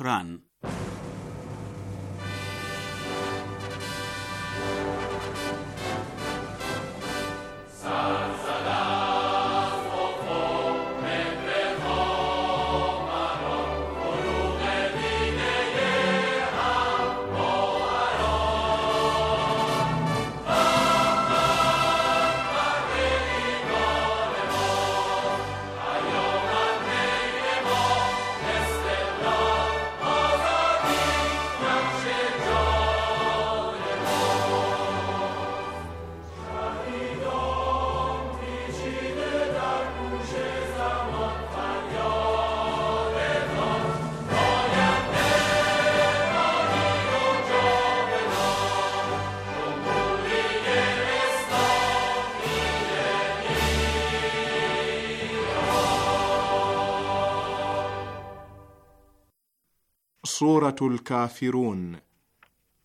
Run. Suratul Kafirun,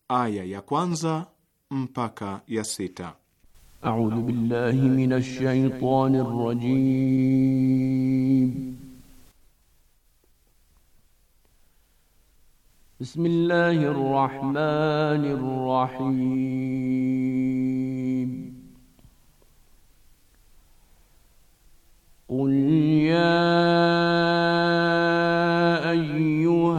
aya ya kwanza mpaka ya sita. A'udhu billahi minash shaitani rrajim. Bismillahir rahmanir rahim. Qul ya ayyuhal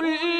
كل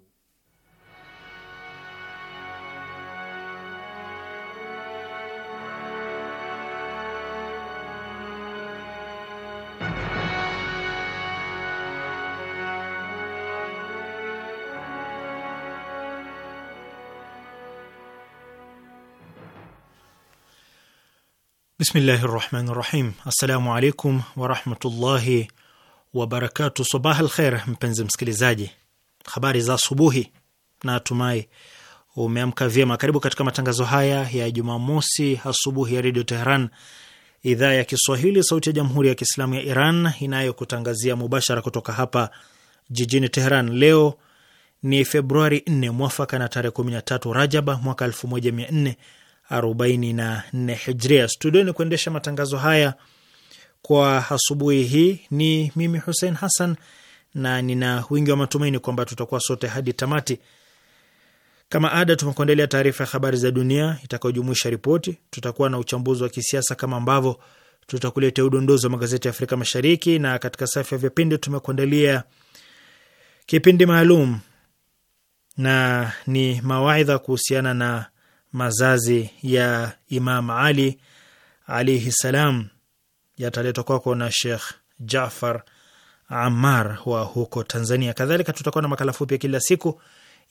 Bismillahi rahmani rahim. Assalamu alaikum warahmatullahi wabarakatu. Sabah al mpenzi msikilizaji, habari za asubuhi na tumai umeamka vyema. Karibu katika matangazo haya ya Jumamosi asubuhi ya Redio Teheran, idhaa ya Kiswahili, sauti ya Jamhuri ya Kiislamu ya Iran inayokutangazia mubashara kutoka hapa jijini Teheran. Leo ni Februari 4 mwafaka na tarehe 13 Rajaba mwaka 1400 44 hijria. Studioni kuendesha matangazo haya kwa asubuhi hii ni mimi Hussein Hassan, na nina wingi wa matumaini kwamba tutakuwa sote hadi tamati. Kama ada, tumekuandalia taarifa ya habari za dunia itakayojumuisha ripoti. Tutakuwa na uchambuzi wa kisiasa kama ambavyo tutakuletea udondozi wa magazeti ya Afrika Mashariki, na katika safu ya vipindi tumekuandalia kipindi maalum na ni mawaidha kuhusiana na mazazi ya Imam Ali alaihi salam yataletwa kwako na Shekh Jafar Amar wa huko Tanzania. Kadhalika tutakuwa na makala fupi ya kila siku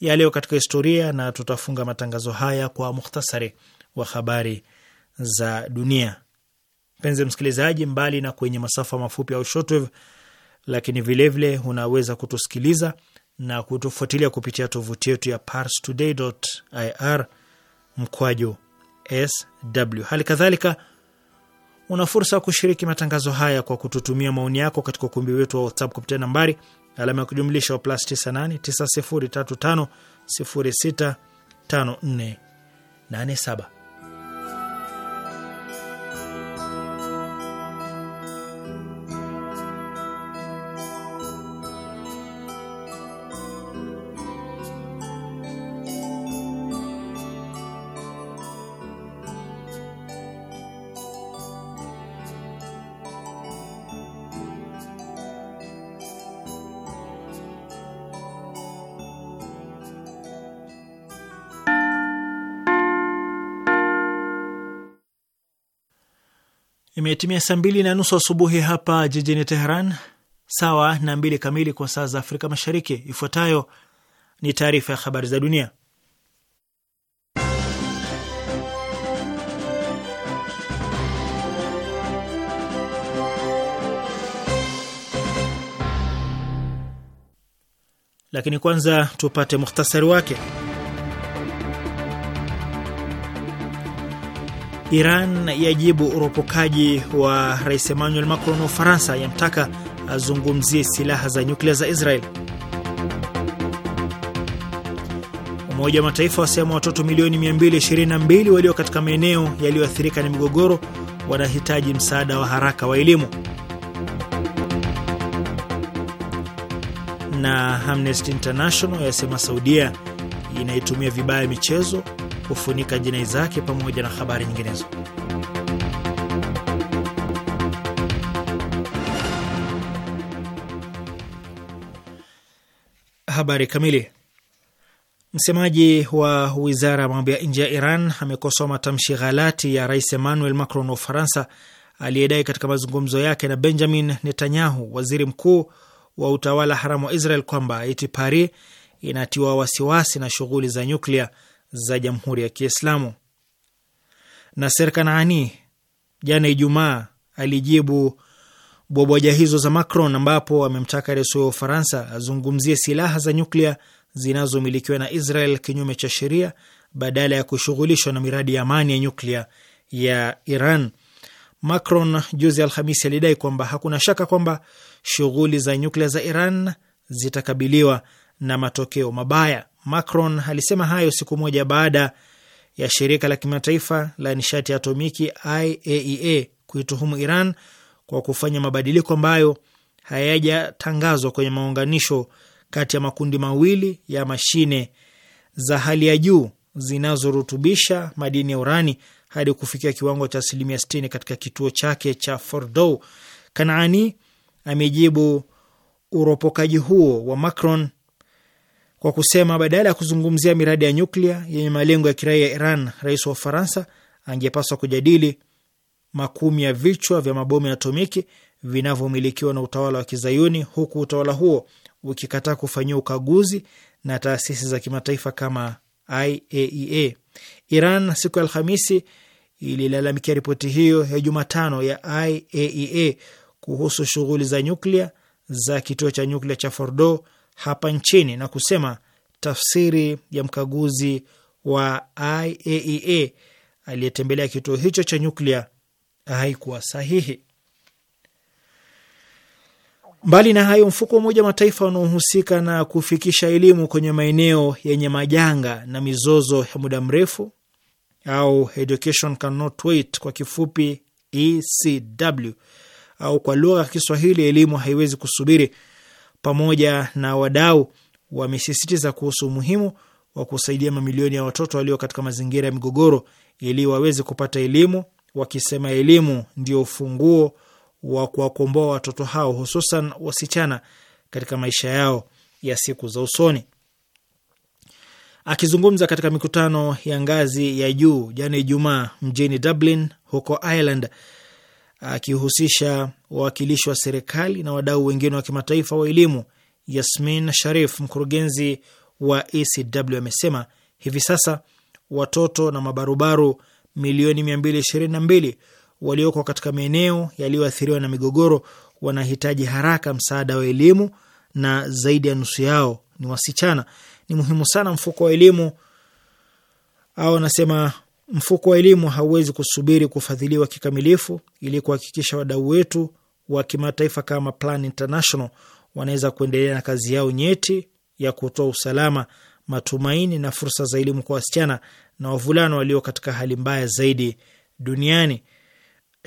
ya leo katika historia, na tutafunga matangazo haya kwa mukhtasari wa habari za dunia. Mpenzi msikilizaji, mbali na kwenye masafa mafupi au shortwave, lakini vilevile vile unaweza kutusikiliza na kutufuatilia kupitia tovuti yetu ya parstoday.ir mkwaju sw. Hali kadhalika una fursa ya kushiriki matangazo haya kwa kututumia maoni yako katika ukumbi wetu wa WhatsApp kupitia nambari alama ya kujumlisha wa plus 98 9035065487. Imetimia saa mbili na nusu asubuhi hapa jijini Teheran, sawa na mbili kamili kwa saa za Afrika Mashariki. Ifuatayo ni taarifa ya habari za dunia, lakini kwanza tupate muhtasari wake. Iran yajibu uropokaji wa Rais Emmanuel Macron wa Ufaransa, yamtaka azungumzie silaha za nyuklia za Israel. Umoja wa Mataifa wasema watoto milioni 222 walio katika maeneo yaliyoathirika na migogoro wanahitaji msaada wa haraka wa elimu. Na Amnesty International yasema Saudia inaitumia vibaya michezo kufunika jinai zake pamoja na habari nyinginezo. Habari kamili. Msemaji wa wizara ya mambo ya nje ya Iran amekosoa matamshi ghalati ya rais Emmanuel Macron wa Ufaransa aliyedai katika mazungumzo yake na Benjamin Netanyahu, waziri mkuu wa utawala haramu wa Israel, kwamba eti Paris inatiwa wasiwasi na shughuli za nyuklia za Jamhuri ya Kiislamu. Naser Kanaani jana Ijumaa alijibu bwabwaja hizo za Macron, ambapo amemtaka rais huyo wa Ufaransa azungumzie silaha za nyuklia zinazomilikiwa na Israel kinyume cha sheria badala ya kushughulishwa na miradi ya amani ya nyuklia ya Iran. Macron juzi Alhamisi alidai kwamba hakuna shaka kwamba shughuli za nyuklia za Iran zitakabiliwa na matokeo mabaya. Macron alisema hayo siku moja baada ya shirika la kimataifa la nishati ya atomiki IAEA e kuituhumu Iran kwa kufanya mabadiliko ambayo hayajatangazwa kwenye maunganisho kati ya makundi mawili ya mashine za hali ya juu zinazorutubisha madini ya urani hadi kufikia kiwango cha asilimia 60 katika kituo chake cha Fordo. Kanaani amejibu uropokaji huo wa Macron kwa kusema badala ya kuzungumzia miradi ya nyuklia yenye malengo ya kiraia ya Iran, rais wa Ufaransa angepaswa kujadili makumi ya vichwa vya mabomu ya atomiki vinavyomilikiwa na utawala wa Kizayuni, huku utawala huo ukikataa kufanyia ukaguzi na taasisi za kimataifa kama IAEA. E Iran siku ya Alhamisi ililalamikia ripoti hiyo ya Jumatano ya IAEA e kuhusu shughuli za nyuklia za kituo cha nyuklia cha Fordo hapa nchini na kusema tafsiri ya mkaguzi wa IAEA e aliyetembelea kituo hicho cha nyuklia haikuwa sahihi. Mbali na hayo, mfuko wa Umoja Mataifa unaohusika na kufikisha elimu kwenye maeneo yenye majanga na mizozo ya muda mrefu au Education Cannot Wait kwa kifupi ECW, au kwa lugha ya Kiswahili elimu haiwezi kusubiri, pamoja na wadau wamesisitiza kuhusu umuhimu wa kusaidia mamilioni ya watoto walio katika mazingira ya migogoro ili waweze kupata elimu, wakisema elimu ndio ufunguo wa kuwakomboa watoto hao, hususan wasichana katika maisha yao ya siku za usoni. Akizungumza katika mikutano ya ngazi ya juu jana Ijumaa mjini Dublin huko Ireland, akihusisha wawakilishi wa serikali na wadau wengine wa kimataifa wa elimu, Yasmin Sharif, mkurugenzi wa ECW, amesema hivi sasa watoto na mabarubaru milioni 222 walioko katika maeneo yaliyoathiriwa na migogoro wanahitaji haraka msaada wa elimu na zaidi ya nusu yao ni wasichana. Ni muhimu sana mfuko wa elimu au anasema Mfuko wa elimu hauwezi kusubiri kufadhiliwa kikamilifu ili kuhakikisha wadau wetu wa kimataifa kama Plan International wanaweza kuendelea na kazi yao nyeti ya kutoa usalama, matumaini na fursa za elimu kwa wasichana na wavulana walio katika hali mbaya zaidi duniani.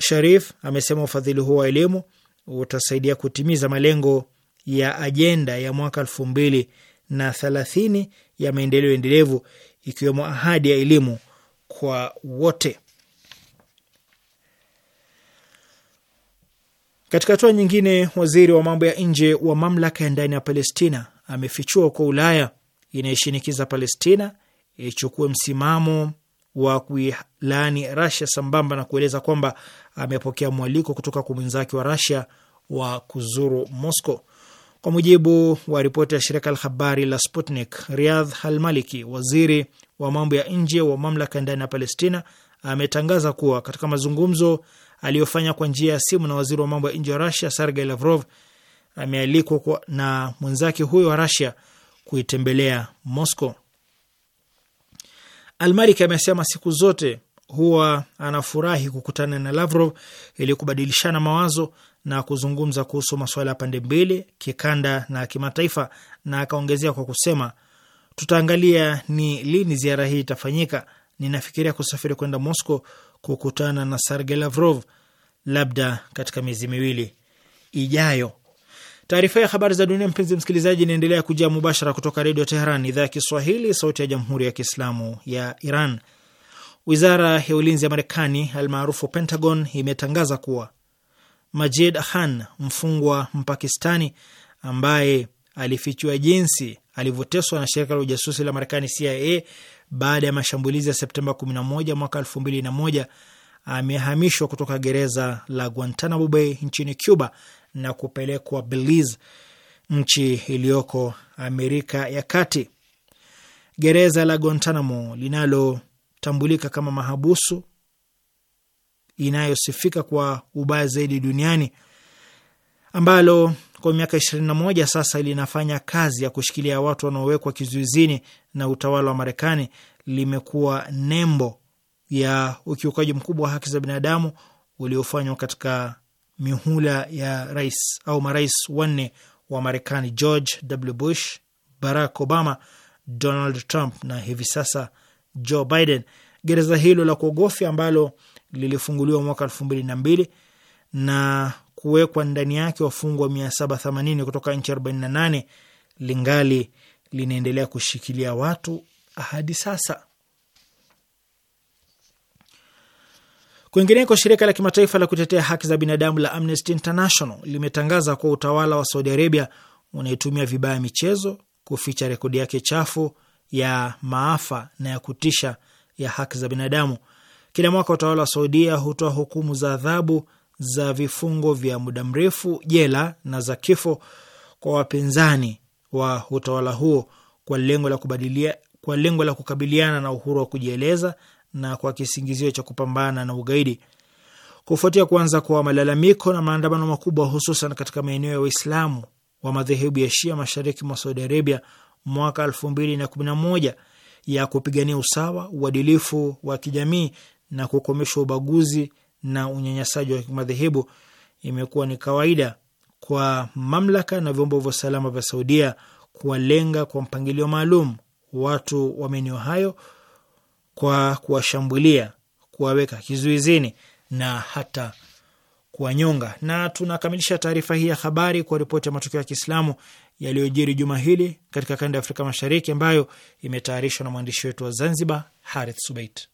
Sharif amesema ufadhili huo wa elimu utasaidia kutimiza malengo ya ajenda ya mwaka elfu mbili na thelathini ya maendeleo endelevu ikiwemo ahadi ya elimu kwa wote. Katika hatua nyingine, waziri wa mambo ya nje wa mamlaka ya ndani ya Palestina amefichua kwa Ulaya inayeshinikiza Palestina ichukue msimamo wa kuilaani Rasia sambamba na kueleza kwamba amepokea mwaliko kutoka kwa mwenzake wa Rasia wa kuzuru Moscow. Kwa mujibu wa ripoti ya shirika la habari la Sputnik, Riyadh Halmaliki, waziri wa mambo ya nje wa mamlaka ndani ya Palestina, ametangaza kuwa katika mazungumzo aliyofanya kwa njia ya simu na waziri wa mambo ya nje wa rusia Sergei Lavrov, amealikwa na mwenzake huyo wa rasia kuitembelea Moscow. Almaliki amesema siku zote huwa anafurahi kukutana na Lavrov ili kubadilishana mawazo na kuzungumza kuhusu masuala ya pande mbili, kikanda na kimataifa, na akaongezea kwa kusema, tutaangalia ni lini ziara hii itafanyika. Ninafikiria kusafiri kwenda Moscow kukutana na Sergey Lavrov, labda katika miezi miwili ijayo. Taarifa ya habari za dunia, mpenzi msikilizaji, inaendelea kujia mubashara kutoka Redio Teheran, idhaa ya Kiswahili, sauti ya jamhuri ya kiislamu ya Iran. Wizara ya ulinzi ya Marekani almaarufu Pentagon imetangaza kuwa Majed Khan, mfungwa Mpakistani ambaye alifichua jinsi alivyoteswa na shirika la ujasusi la Marekani CIA baada ya mashambulizi ya Septemba 11 mwaka 2001, amehamishwa kutoka gereza la Guantanamo Bay nchini Cuba na kupelekwa Belize, nchi iliyoko Amerika ya Kati. Gereza la Guantanamo linalotambulika kama mahabusu inayosifika kwa ubaya zaidi duniani ambalo kwa miaka 21 sasa linafanya kazi ya kushikilia watu wanaowekwa kizuizini na utawala wa Marekani limekuwa nembo ya ukiukaji mkubwa wa haki za binadamu uliofanywa katika mihula ya rais au marais wanne wa Marekani, George W. Bush, Barack Obama, Donald Trump na hivi sasa Joe Biden. Gereza hilo la kuogofya ambalo lilifunguliwa mwaka elfu mbili na mbili na kuwekwa ndani yake wafungwa mia saba themanini kutoka nchi arobaini na nane lingali linaendelea kushikilia watu hadi sasa. Kwingineko, shirika la kimataifa la kutetea haki za binadamu la Amnesty International limetangaza kuwa utawala wa Saudi Arabia unaitumia vibaya michezo kuficha rekodi yake chafu ya maafa na ya kutisha ya haki za binadamu. Kila mwaka utawala wa Saudia hutoa hukumu za adhabu za vifungo vya muda mrefu jela na za kifo kwa wapinzani wa utawala huo kwa lengo la kubadilia, kwa lengo la kukabiliana na uhuru wa kujieleza na kwa kisingizio cha kupambana na ugaidi. Kufuatia kuanza kwa malalamiko na maandamano makubwa, hususan katika maeneo ya Waislamu wa madhehebu ya Shia mashariki mwa Saudi Arabia mwaka elfu mbili na kumi na moja ya kupigania usawa, uadilifu wa kijamii na kukomeshwa ubaguzi na unyanyasaji wa kimadhehebu imekuwa ni kawaida kwa mamlaka na vyombo vya usalama vya Saudia kuwalenga kwa mpangilio maalum watu wa maeneo hayo kwa kuwashambulia, kuwaweka kizuizini na hata kuwanyonga. Na tunakamilisha taarifa hii ya habari kwa ripoti ya matukio ya Kiislamu yaliyojiri juma hili katika kanda ya Afrika Mashariki, ambayo imetayarishwa na mwandishi wetu wa Zanzibar, Harith Subait.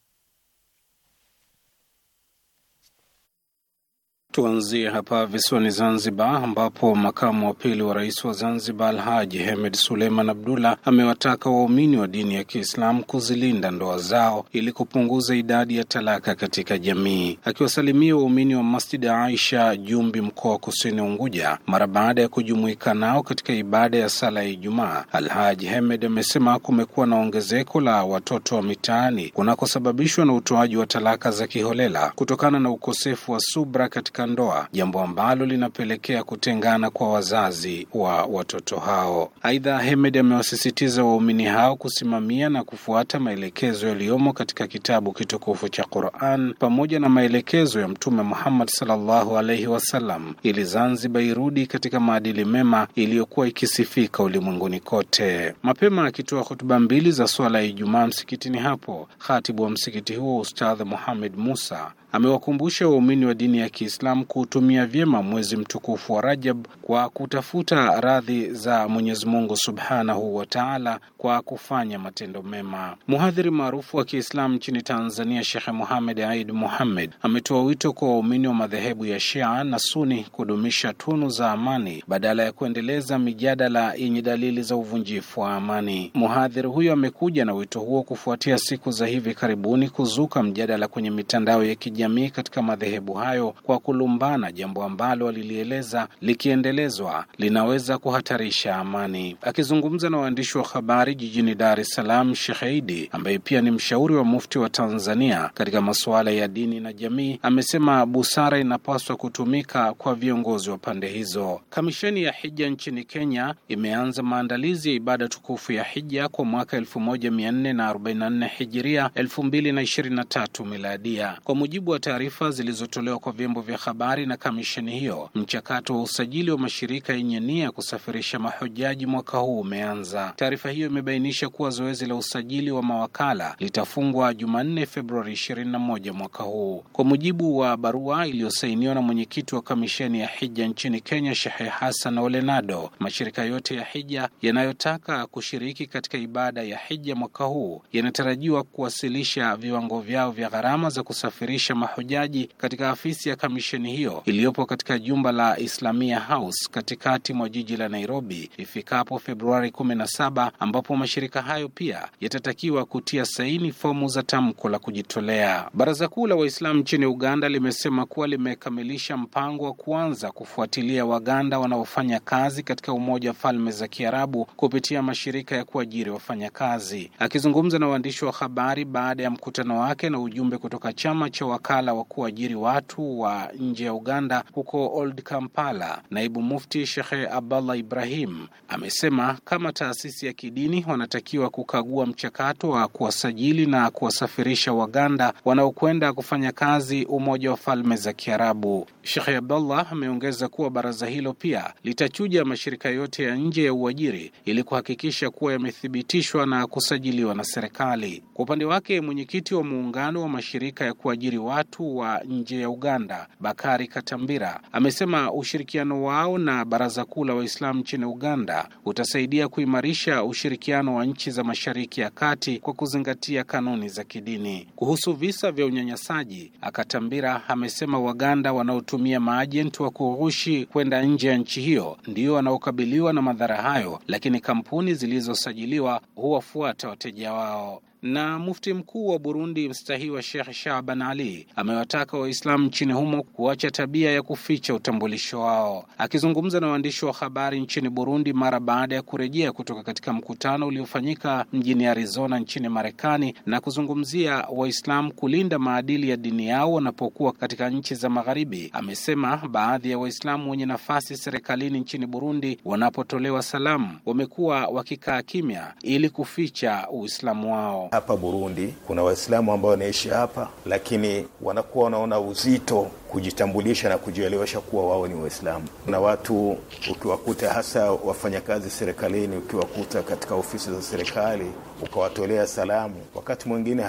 Tuanzie hapa visiwani Zanzibar, ambapo makamu wa pili wa rais wa Zanzibar Alhaji Hemed Suleiman Abdullah amewataka waumini wa dini ya Kiislamu kuzilinda ndoa zao ili kupunguza idadi ya talaka katika jamii. Akiwasalimia waumini wa Masjid Aisha Jumbi, mkoa wa Kusini Unguja, mara baada ya kujumuika nao katika ibada ya sala ya Ijumaa, Alhaji Hemed amesema kumekuwa na ongezeko la watoto wa mitaani kunakosababishwa na utoaji wa talaka za kiholela kutokana na ukosefu wa subra katika katika ndoa, jambo ambalo linapelekea kutengana kwa wazazi wa watoto hao. Aidha, Hemed amewasisitiza waumini hao kusimamia na kufuata maelekezo yaliyomo katika kitabu kitukufu cha Quran pamoja na maelekezo ya Mtume Muhammad sallallahu alaihi wasallam ili Zanzibar irudi katika maadili mema iliyokuwa ikisifika ulimwenguni kote. Mapema akitoa hotuba mbili za swala ya Ijumaa msikitini hapo, khatibu wa msikiti huo Ustadh Muhamed Musa amewakumbusha waumini wa dini ya Kiislamu kuutumia vyema mwezi mtukufu wa Rajab kwa kutafuta radhi za Mwenyezi Mungu subhanahu wa taala kwa kufanya matendo mema. Mhadhiri maarufu wa Kiislamu nchini Tanzania, Shekhe Muhamed Aid Muhammed ametoa wito kwa waumini wa madhehebu ya Shia na Suni kudumisha tunu za amani badala ya kuendeleza mijadala yenye dalili za uvunjifu wa amani. Mhadhiri huyo amekuja na wito huo kufuatia siku za hivi karibuni kuzuka mjadala kwenye mitandao ya kijamii jamii katika madhehebu hayo kwa kulumbana, jambo ambalo alilieleza likiendelezwa linaweza kuhatarisha amani. Akizungumza na waandishi wa habari jijini Dar es Salaam, Sheikh ambaye pia ni mshauri wa mufti wa Tanzania katika masuala ya dini na jamii amesema busara inapaswa kutumika kwa viongozi wa pande hizo. Kamisheni ya hija nchini Kenya imeanza maandalizi ya ibada tukufu ya hija kwa mwaka 1444 hijiria 2023 miladia kwa mujibu mujibu wa taarifa zilizotolewa kwa vyombo vya habari na kamisheni hiyo, mchakato wa usajili wa mashirika yenye nia ya kusafirisha mahujaji mwaka huu umeanza. Taarifa hiyo imebainisha kuwa zoezi la usajili wa mawakala litafungwa Jumanne, Februari 21 mwaka huu. Kwa mujibu wa barua iliyosainiwa na mwenyekiti wa kamisheni ya hija nchini Kenya, Shehe Hassan Olenado, mashirika yote ya hija yanayotaka kushiriki katika ibada ya hija mwaka huu yanatarajiwa kuwasilisha viwango vyao vya gharama za kusafirisha mahujaji katika afisi ya kamisheni hiyo iliyopo katika jumba la Islamia House katikati mwa jiji la Nairobi ifikapo Februari 17 ambapo mashirika hayo pia yatatakiwa kutia saini fomu za tamko la kujitolea. Baraza Kuu la Waislamu nchini Uganda limesema kuwa limekamilisha mpango wa kuanza kufuatilia Waganda wanaofanya kazi katika Umoja wa Falme za Kiarabu kupitia mashirika ya kuajiri wafanyakazi. Akizungumza na waandishi wa habari baada ya mkutano wake na ujumbe kutoka chama cha wakala wa kuajiri watu wa nje ya Uganda huko Old Kampala, naibu mufti Shekhe Abdallah Ibrahim amesema kama taasisi ya kidini wanatakiwa kukagua mchakato wa kuwasajili na kuwasafirisha Waganda wanaokwenda kufanya kazi Umoja wa Falme za Kiarabu. Shekhe Abdallah ameongeza kuwa baraza hilo pia litachuja mashirika yote ya nje ya uajiri ili kuhakikisha kuwa yamethibitishwa na kusajiliwa na serikali. Kwa upande wake, mwenyekiti wa muungano wa mashirika ya kuajiri watu watu wa nje ya Uganda, Bakari Katambira, amesema ushirikiano wao na Baraza Kuu la Waislamu nchini Uganda utasaidia kuimarisha ushirikiano wa nchi za Mashariki ya Kati kwa kuzingatia kanuni za kidini. Kuhusu visa vya unyanyasaji, Akatambira amesema Waganda wanaotumia maajenti wa kughushi kwenda nje ya nchi hiyo ndio wanaokabiliwa na madhara hayo, lakini kampuni zilizosajiliwa huwafuata wateja wao. Na mufti mkuu wa Burundi mstahiwa Sheikh Shaban Ali amewataka Waislamu nchini humo kuacha tabia ya kuficha utambulisho wao. Akizungumza na waandishi wa habari nchini Burundi mara baada ya kurejea kutoka katika mkutano uliofanyika mjini Arizona nchini Marekani na kuzungumzia Waislamu kulinda maadili ya dini yao wanapokuwa katika nchi za Magharibi, amesema baadhi ya Waislamu wenye nafasi serikalini nchini Burundi wanapotolewa salamu wamekuwa wakikaa kimya ili kuficha Uislamu wao. Hapa Burundi kuna Waislamu ambao wanaishi hapa, lakini wanakuwa wanaona uzito kujitambulisha na kujielewesha kuwa wao ni Waislamu. Kuna watu ukiwakuta, hasa wafanyakazi serikalini, ukiwakuta katika ofisi za serikali ukawatolea salamu, wakati mwingine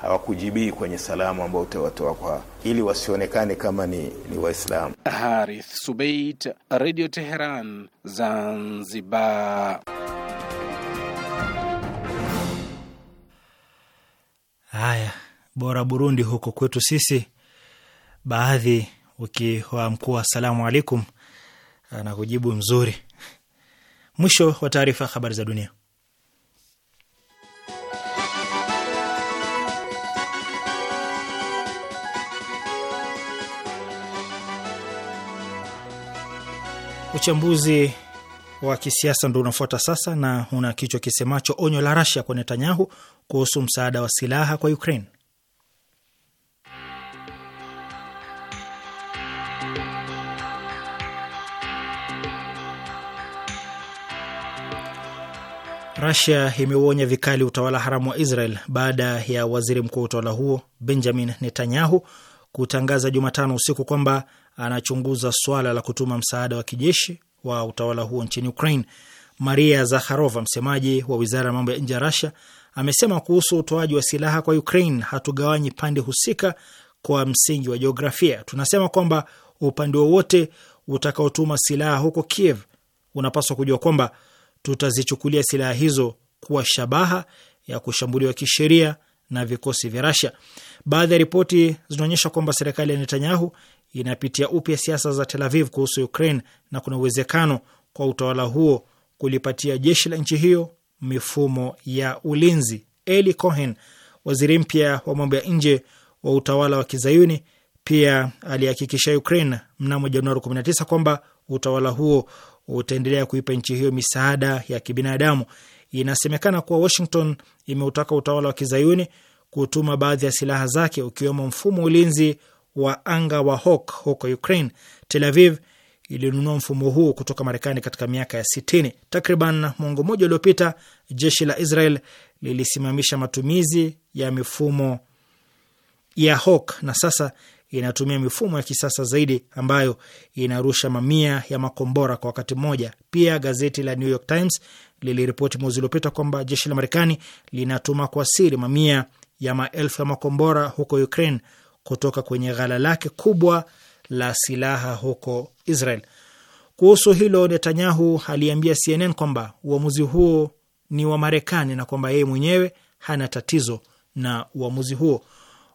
hawakujibii hawa kwenye salamu ambao utawatoa kwa ili wasionekane kama ni, ni Waislamu. Harith Subait, Radio Teheran, Zanzibar. Haya, bora Burundi huko kwetu sisi, baadhi ukiwa mkuu, assalamu alaikum, kujibu mzuri. Mwisho wa taarifa ya habari za dunia. Uchambuzi wa kisiasa ndo unafuata sasa, na una kichwa kisemacho onyo la Rasia kwa Netanyahu kuhusu msaada wa silaha kwa Ukraine. Rasia imeuonya vikali utawala haramu wa Israel baada ya waziri mkuu wa utawala huo Benjamin Netanyahu kutangaza Jumatano usiku kwamba anachunguza swala la kutuma msaada wa kijeshi wa utawala huo nchini Ukraine. Maria Zakharova, msemaji wa wizara ya mambo ya nje ya Rasia, amesema kuhusu utoaji wa silaha kwa Ukraine, hatugawanyi pande husika kwa msingi wa jiografia. Tunasema kwamba upande wowote utakaotuma silaha huko Kiev unapaswa kujua kwamba tutazichukulia silaha hizo kuwa shabaha ya kushambuliwa kisheria na vikosi vya Rasia. Baadhi ya ripoti zinaonyesha kwamba serikali ya Netanyahu inapitia upya siasa za Tel Aviv kuhusu Ukraine na kuna uwezekano kwa utawala huo kulipatia jeshi la nchi hiyo mifumo ya ulinzi. Eli Cohen, waziri mpya wa mambo ya nje wa utawala wa kizayuni, pia alihakikisha Ukraine mnamo Januari 19 kwamba utawala huo utaendelea kuipa nchi hiyo misaada ya kibinadamu. Inasemekana kuwa Washington imeutaka utawala wa kizayuni kutuma baadhi ya silaha zake ukiwemo mfumo ulinzi wa anga wa Hawk huko Ukraine, Tel Aviv ilinunua mfumo huo kutoka Marekani katika miaka ya sitini. Takriban mwongo mmoja uliopita, jeshi la Israel lilisimamisha matumizi ya mifumo ya Hawk na sasa inatumia mifumo ya kisasa zaidi ambayo inarusha mamia ya makombora kwa wakati mmoja. Pia gazeti la New York Times liliripoti mwezi uliopita kwamba jeshi la Marekani linatuma kwa siri mamia ya maelfu ya makombora huko Ukraine kutoka kwenye ghala lake kubwa la silaha huko Israel. Kuhusu hilo, Netanyahu aliambia CNN kwamba uamuzi huo ni wa Marekani na kwamba yeye mwenyewe hana tatizo na uamuzi huo.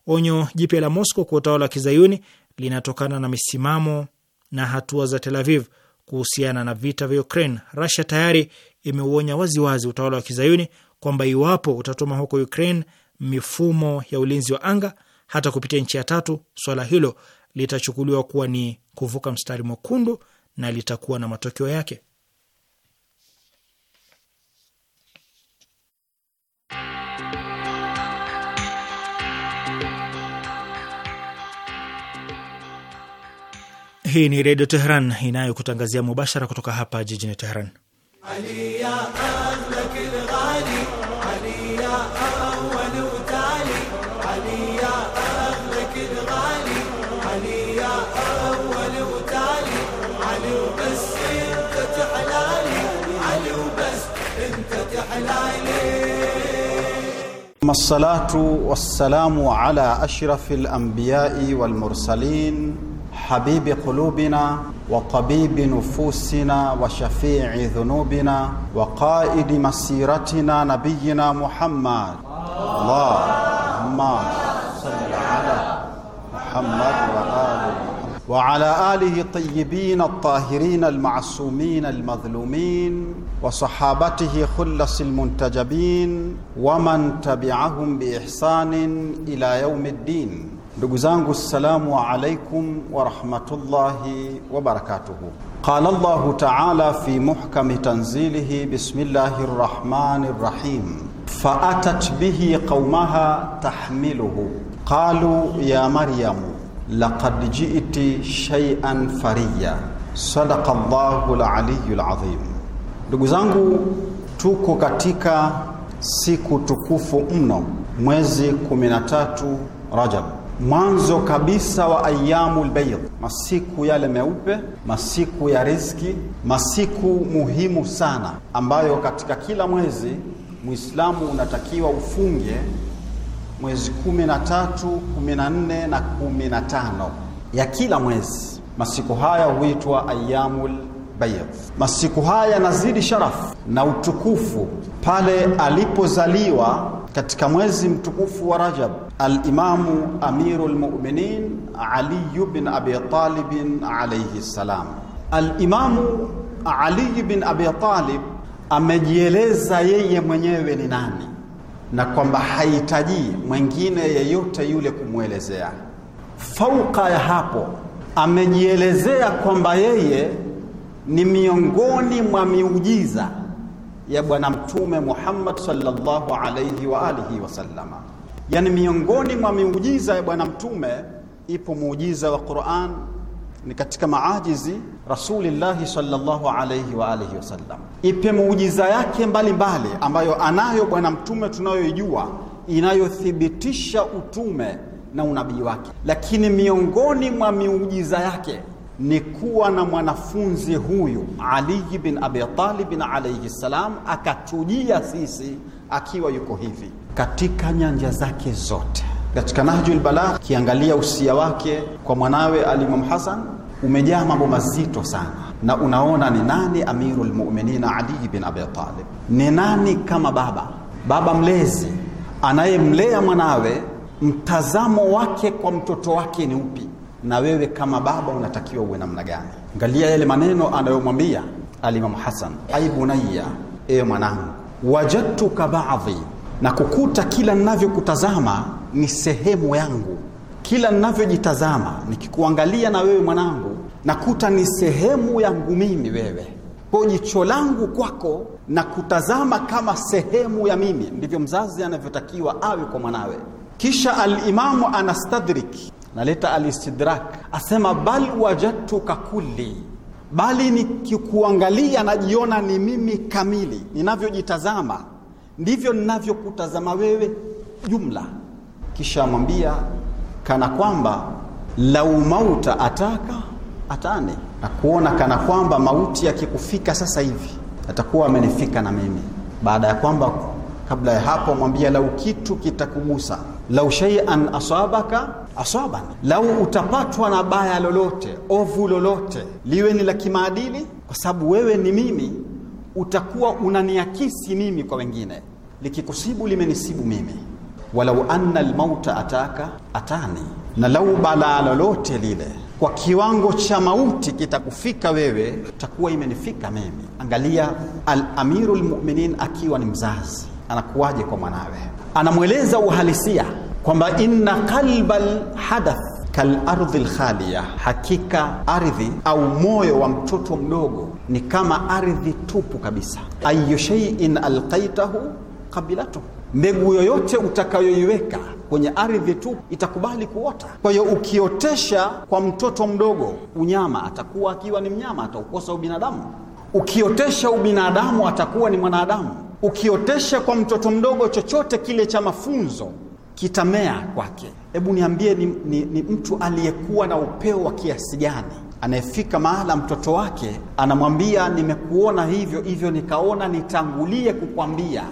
Onyo jipya la Moscow kwa utawala wa kizayuni linatokana na misimamo na hatua za Tel Aviv kuhusiana na vita vya Ukraine. Russia tayari imeuonya waziwazi utawala wa kizayuni kwamba iwapo utatuma huko Ukraine mifumo ya ulinzi wa anga hata kupitia nchi ya tatu, swala hilo litachukuliwa kuwa ni kuvuka mstari mwekundu na litakuwa na matokeo yake. Hii ni Redio Teheran inayokutangazia mubashara kutoka hapa jijini Teheran. ثم الصلاة والسلام على أشرف الأنبياء والمرسلين حبيب قلوبنا وطبيب نفوسنا وشفيع ذنوبنا وقائد مسيرتنا نبينا محمد اللهم صل على محمد وآل محمد وعلى آله الطيبين الطاهرين المعصومين المظلومين وصحابته خلص المنتجبين ومن تبعهم بإحسان إلى يوم الدين دقزانق السلام عليكم ورحمة الله وبركاته قال الله تعالى في محكم تنزيله بسم الله الرحمن الرحيم فأتت به قومها تحمله قالوا يا مريم laqad ji'ti shay'an fariya. Sadaqa Allahu al al azim. Ndugu zangu, tuko katika siku tukufu mno, mwezi 13 Rajab, mwanzo kabisa wa ayyamul bayd, masiku yale meupe, masiku ya riziki, masiku muhimu sana ambayo katika kila mwezi Muislamu unatakiwa ufunge mwezi kumi na tatu, kumi na nne na kumi na tano ya kila mwezi. Masiku haya huitwa ayyamul bayd. Masiku haya yanazidi sharafu na utukufu pale alipozaliwa katika mwezi mtukufu wa Rajab Alimamu Amirul Mu'minin Ali ibn Abi alayhi salam. al Alimamu Ali ibn Abi Talib amejieleza yeye mwenyewe ni nani na kwamba hahitaji mwingine yeyote yule kumwelezea. Fauka ya hapo, amejielezea kwamba yeye ni miongoni mwa miujiza ya Bwana Mtume Muhammad sallallahu alayhi wa alihi wasallama, yani miongoni mwa miujiza ya Bwana Mtume ipo muujiza wa Qur'an ni katika maajizi Rasulillahi sallallahu alayhi wa alihi wasallam, ipe muujiza yake mbalimbali mbali, ambayo anayo bwana mtume tunayoijua inayothibitisha utume na unabii wake, lakini miongoni mwa miujiza yake ni kuwa na mwanafunzi huyu Ali bin Abi Talib alayhi salam akatujia sisi akiwa yuko hivi katika nyanja zake zote katika Nahjul Balagha kiangalia usia wake kwa mwanawe Al-Imam Hasan umejaa mambo mazito sana, na unaona ni nani Amirul Mu'minin Ali bin Abi Talib, ni nani kama baba, baba mlezi anayemlea mwanawe. Mtazamo wake kwa mtoto wake ni upi? Na wewe kama baba unatakiwa uwe namna gani? Angalia yale maneno anayomwambia Al-Imam Hasan, ai bunayya, ewe mwanangu, wajadtuka ba'dhi, na kukuta kila ninavyokutazama ni sehemu yangu. Kila ninavyojitazama nikikuangalia na wewe mwanangu, nakuta ni sehemu yangu mimi wewe. Kwa jicho langu kwako na kutazama kama sehemu ya mimi, ndivyo mzazi anavyotakiwa awe kwa mwanawe. Kisha alimamu anastadrik, naleta alistidrak, asema bal wajadtuka kulli, bali nikikuangalia najiona ni mimi kamili. Ninavyojitazama ndivyo ninavyokutazama wewe jumla kisha amwambia kana kwamba lau mauta ataka atane, na kuona kana kwamba mauti akikufika sasa hivi atakuwa amenifika na mimi, baada ya kwamba kabla ya hapo amwambia lau kitu kitakugusa, lau shay'an asabaka asaban, lau utapatwa na baya lolote, ovu lolote, liwe ni la kimaadili, kwa sababu wewe ni mimi, utakuwa unaniakisi mimi kwa wengine, likikusibu limenisibu mimi walau anna almauta ataka atani, na lau balaa lolote lile kwa kiwango cha mauti kitakufika wewe, takuwa imenifika mimi. Angalia al-Amiru lmuminin akiwa ni mzazi, anakuwaje kwa mwanawe? Anamweleza uhalisia kwamba inna qalba lhadath kalardhi lkhalia hakika ardhi au moyo wa mtoto mdogo ni kama ardhi tupu kabisa. ayu shaiin alqaitahu qabilatuhu Mbegu yoyote utakayoiweka kwenye ardhi tu itakubali kuota. Kwa hiyo ukiotesha kwa mtoto mdogo unyama, atakuwa akiwa ni mnyama, ataukosa ubinadamu. Ukiotesha ubinadamu, atakuwa ni mwanadamu. Ukiotesha kwa mtoto mdogo chochote kile cha mafunzo, kitamea kwake. Hebu niambie, ni, ni, ni mtu aliyekuwa na upeo wa kiasi gani anayefika mahala mtoto wake anamwambia nimekuona hivyo hivyo, nikaona nitangulie kukwambia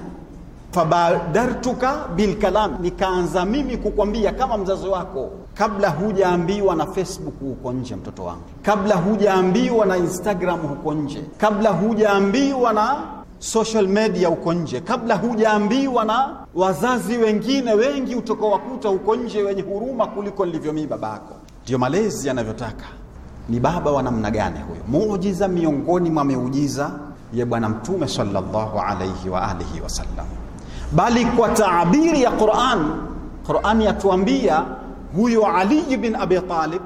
fabadartuka bilkalam, nikaanza mimi kukwambia kama mzazi wako, kabla hujaambiwa na Facebook huko nje, mtoto wangu, kabla hujaambiwa na Instagram huko nje, kabla hujaambiwa na social media huko nje, kabla hujaambiwa na wazazi wengine wengi utakaowakuta huko nje wenye huruma kuliko nilivyo mimi babako. Ndiyo malezi yanavyotaka. Ni baba wa namna gani huyo? Muujiza miongoni mwa miujiza ya Bwana Mtume sallallahu alayhi wa alihi wasallam bali kwa taabiri ya Qur'an. Qur'an yatuambia huyo Ali ibn Abi Talib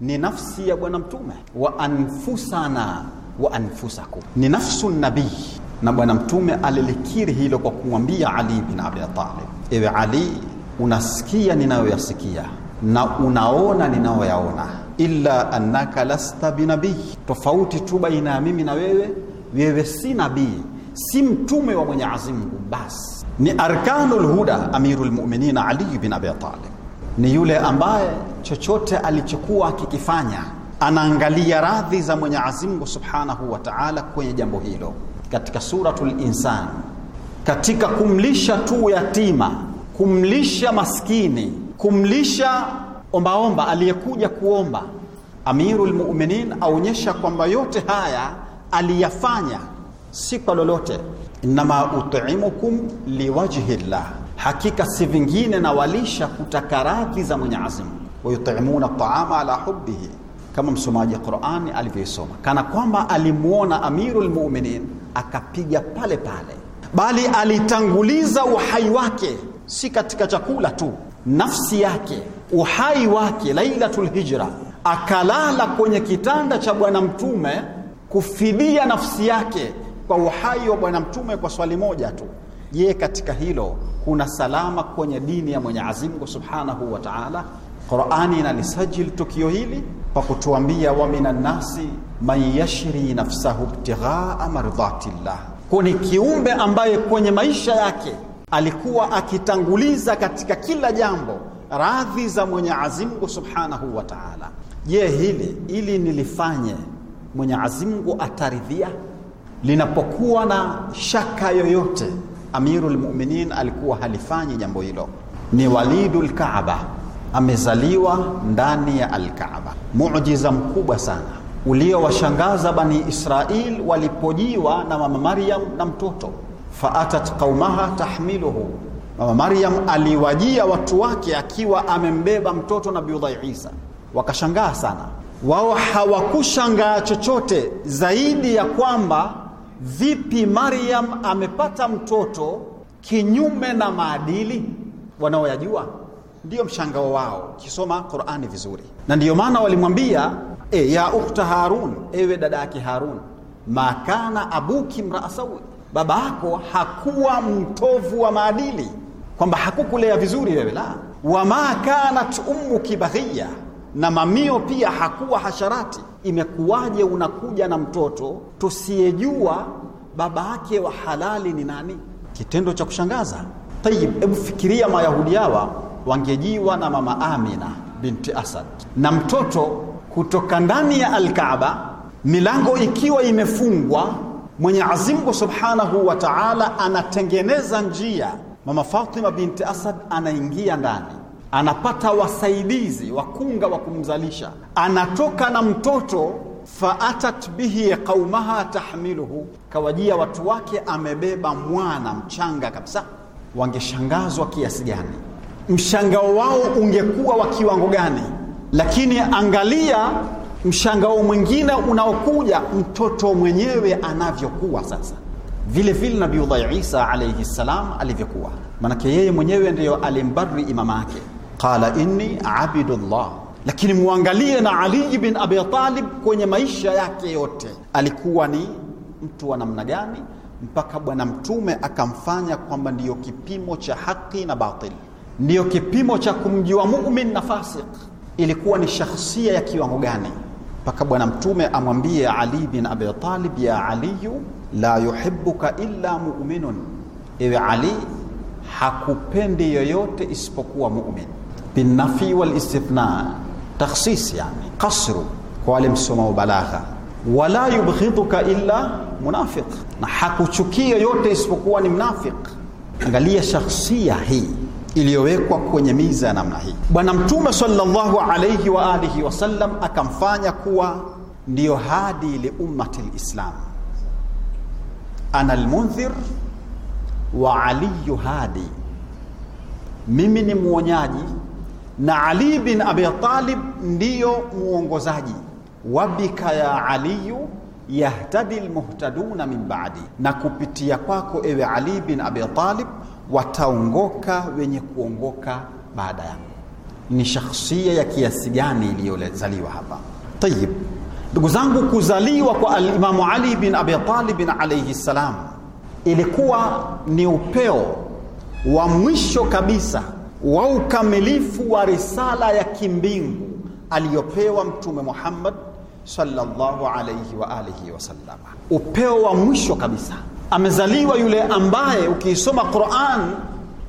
ni nafsi ya bwana mtume, wa anfusana wa anfusakum, ni nafsu nabii. Na bwana mtume alilikiri hilo kwa kumwambia Ali bin Abi Talib, ewe Ali, unasikia ninayoyasikia na unaona ninayoyaona, illa annaka lasta binabii, tofauti tu baina ya mimi na wewe, wewe si nabii, si mtume wa Mwenyezi Mungu basi ni arkanul huda amirul mu'minin Ali bin Abi Talib, ni yule ambaye chochote alichokuwa akikifanya anaangalia radhi za Mwenyezi Mungu Subhanahu wa Ta'ala kwenye jambo hilo. Katika suratul Insan, katika kumlisha tu yatima, kumlisha maskini, kumlisha ombaomba aliyekuja kuomba, amirul mu'minin aonyesha kwamba yote haya aliyafanya si kwa lolote inama utimukum liwajhi llah, hakika si vingine na walisha kutaka radhi za Mwenyezi Mungu. Wayutimuna taama ala hubbihi, kama msomaji Qurani alivyoisoma, kana kwamba alimwona Amirul Mu'minin akapiga pale pale, bali alitanguliza uhai wake, si katika chakula tu, nafsi yake, uhai wake, Lailatul Hijra, akalala kwenye kitanda cha Bwana Mtume kufidia nafsi yake kwa uhai wa Bwana Mtume kwa swali moja tu. Je, katika hilo kuna salama kwenye dini ya Mwenyezi Mungu Subhanahu wa Ta'ala? Qur'ani inalisajili tukio hili kwa kutuambia, wa minan nasi man yashri nafsahu ibtighaa mardhatillah, kuni kiumbe ambaye kwenye maisha yake alikuwa akitanguliza katika kila jambo radhi za Mwenyezi Mungu Subhanahu wa Ta'ala. Je, hili ili nilifanye Mwenyezi Mungu ataridhia? linapokuwa na shaka yoyote, Amirul Mu'minin alikuwa halifanyi jambo hilo. Ni walidul Kaaba, amezaliwa ndani ya Alkaaba, muujiza mkubwa sana uliowashangaza Bani Israil walipojiwa na mama Maryam na mtoto. Faatat qaumaha tahmiluhu, mama Maryam aliwajia watu wake akiwa amembeba mtoto Nabii Isa, wakashangaa sana wao hawakushangaa chochote zaidi ya kwamba vipi Maryam amepata mtoto kinyume na maadili wanaoyajua? Ndiyo mshangao wao kisoma Qur'ani vizuri, na ndiyo maana walimwambia e, ya ukhta Harun, ewe dada yake Harun, makana abuki mraasawi, baba yako hakuwa mtovu wa maadili, kwamba hakukulea vizuri wewe, la wama kanat ummuki baghiya na mamio pia hakuwa hasharati. Imekuwaje unakuja na mtoto tusiyejua baba yake wa halali ni nani? Kitendo cha kushangaza. Tayib, hebu fikiria Mayahudi hawa wangejiwa na mama Amina binti Asad na mtoto kutoka ndani ya Alkaaba, milango ikiwa imefungwa, Mwenyezi Mungu Subhanahu wa Ta'ala anatengeneza njia, mama Fatima binti Asad anaingia ndani anapata wasaidizi wakunga wa kumzalisha, anatoka na mtoto faatat bihi qaumaha tahmiluhu, kawajia watu wake amebeba mwana mchanga kabisa. Wangeshangazwa kiasi gani? Mshangao wao ungekuwa wa kiwango gani? Lakini angalia mshangao mwingine unaokuja, mtoto mwenyewe anavyokuwa sasa, vile vile Nabiullah Isa alaihi ssalam alivyokuwa, maanake yeye mwenyewe ndiyo alimbarri imama yake qala inni abidullah lakini muangalie na ali bin abi talib kwenye maisha yake yote alikuwa ni mtu wa namna gani mpaka bwana mtume akamfanya kwamba ndiyo kipimo cha haki na batil ndiyo kipimo cha kumjua mumin na fasik ilikuwa ni shakhsia ya kiwango gani mpaka bwana mtume amwambie ali bin abi talib ya aliyu la yuhibuka illa muminun ewe ali hakupendi yoyote isipokuwa mumin binafi walistithna, takhsis yani kasru kwa wale msomao balagha. Wala yubghiduka illa munafiq, na hakuchukia yote isipokuwa ni mnafiq. Angalia shakhsia hii iliyowekwa kwenye miza ya namna hii. Bwana Mtume sallallahu alayhi wa alihi wasallam akamfanya kuwa ndiyo hadi ile ummati lislam, ana almundhir wa aliyu hadi, mimi ni mwonyaji na Ali bin Abi Talib ndiyo muongozaji. wabika ya aliyu yahtadi lmuhtaduna min baadi, na kupitia kwako ewe Ali bin Abi Talib wataongoka wenye kuongoka baada yangu. Ni shakhsia ya kiasi gani iliyozaliwa hapa? Tayib, ndugu zangu, kuzaliwa kwa alimamu Ali bin Abi Talibin alaihi salam ilikuwa ni upeo wa mwisho kabisa wa ukamilifu wa risala ya kimbingu aliyopewa Mtume Muhammad sallallahu alayhi wa alihi sallam. upeo wa mwisho kabisa. Amezaliwa yule ambaye ukiisoma Quran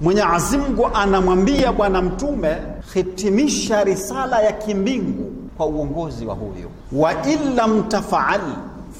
mwenye Mungu anamwambia Bwana Mtume, hitimisha risala ya kimbingu kwa uongozi wa huyu, wa in lam tafaal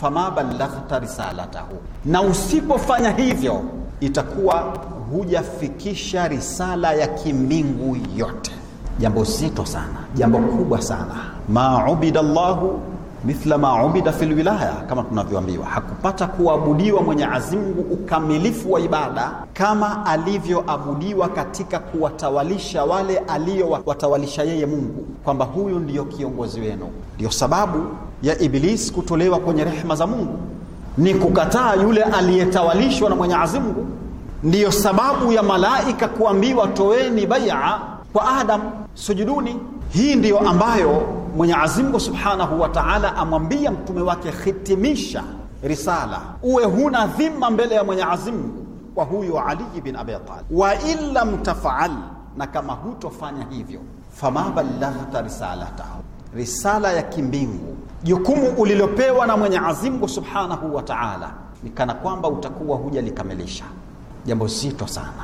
fama ballaghta risalatahu, na usipofanya hivyo itakuwa hujafikisha risala ya kimbingu yote. Jambo zito sana, jambo kubwa sana. maubida llahu mithla ma ubida lwilaya, kama tunavyoambiwa, hakupata kuabudiwa mwenye azimgu ukamilifu wa ibada kama alivyoabudiwa katika kuwatawalisha wale aliyowatawalisha yeye Mungu, kwamba huyu ndiyo kiongozi wenu. Ndiyo sababu ya Iblis kutolewa kwenye rehema za Mungu, ni kukataa yule aliyetawalishwa na mwenye azimgu ndiyo sababu ya malaika kuambiwa toweni baia kwa Adam sujuduni. Hii ndiyo ambayo mwenye Mungu Subhanahu wa Ta'ala amwambia mtume wake, hitimisha risala, uwe huna dhima mbele ya mwenye Mungu kwa huyo Ali bin Abi Talib, wa in lam tafal, na kama hutofanya hivyo, fama ballaghta risalatahu, risala ya kimbingu, jukumu ulilopewa na mwenye Mungu Subhanahu wa Ta'ala, ni kana kwamba utakuwa hujalikamilisha jambo zito sana.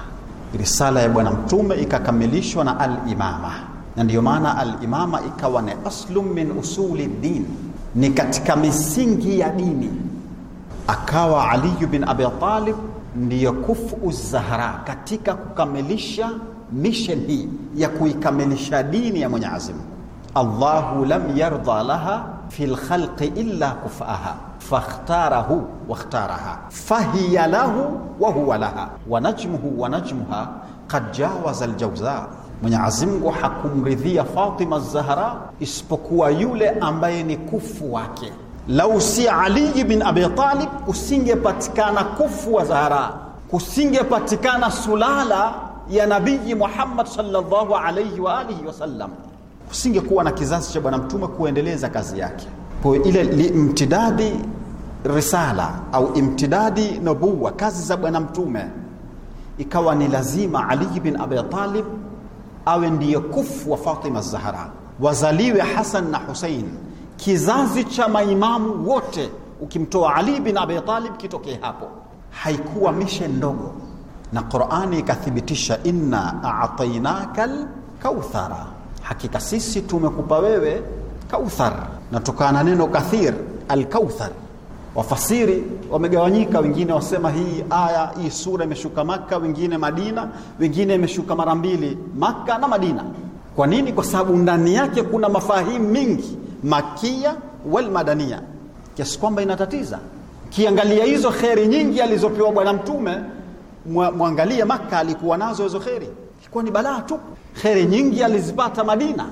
Risala ya Bwana Mtume ikakamilishwa na al-imama, na ndiyo maana al-imama ikawa ni aslum min usuli din, ni katika misingi ya dini. Akawa Ali bin Abi Talib ndiyo kufu Zahra katika kukamilisha mission hii ya kuikamilisha dini ya Mwenyezi Mungu. Allahu lam yarda laha fil khalqi illa kufaha fakhtarahu wakhtaraha fahiya lahu wa huwa laha wa najmuhu wa najmuha qad jawaza aljawza Mwenyezi Mungu hakumridhia Fatima Zahra isipokuwa yule ambaye ni kufu wake. Lau si Ali bin Abi Talib, usingepatikana kufu wa Zahra, kusingepatikana sulala ya Nabii Muhammad sallallahu alayhi wa alihi wasallam, kusingekuwa na kizazi cha Bwana Mtume kuendeleza kazi yake kwa ile liimtidadi risala au imtidadi nubuwa kazi za bwana mtume ikawa ni lazima ali bin abi talib awe ndiye kufu wa fatima zahra wazaliwe hasan na husein kizazi cha maimamu wote ukimtoa ali bin abi talib kitokee hapo haikuwa mishe ndogo na qurani ikathibitisha inna atainaka lkauthara hakika sisi tumekupa wewe Kauthar, natokana neno kathir alkauthar. Wafasiri wamegawanyika, wengine wasema hii aya hii sura imeshuka Maka, wengine Madina, wengine imeshuka mara mbili Maka na Madina. Kwa nini? Kwa sababu ndani yake kuna mafahimu mingi makia wal madania, kiasi kwamba inatatiza. Kiangalia hizo kheri nyingi alizopewa Bwana Mtume, mwangalie Maka alikuwa nazo hizo kheri, ilikuwa ni balaa tu. Kheri nyingi alizipata Madina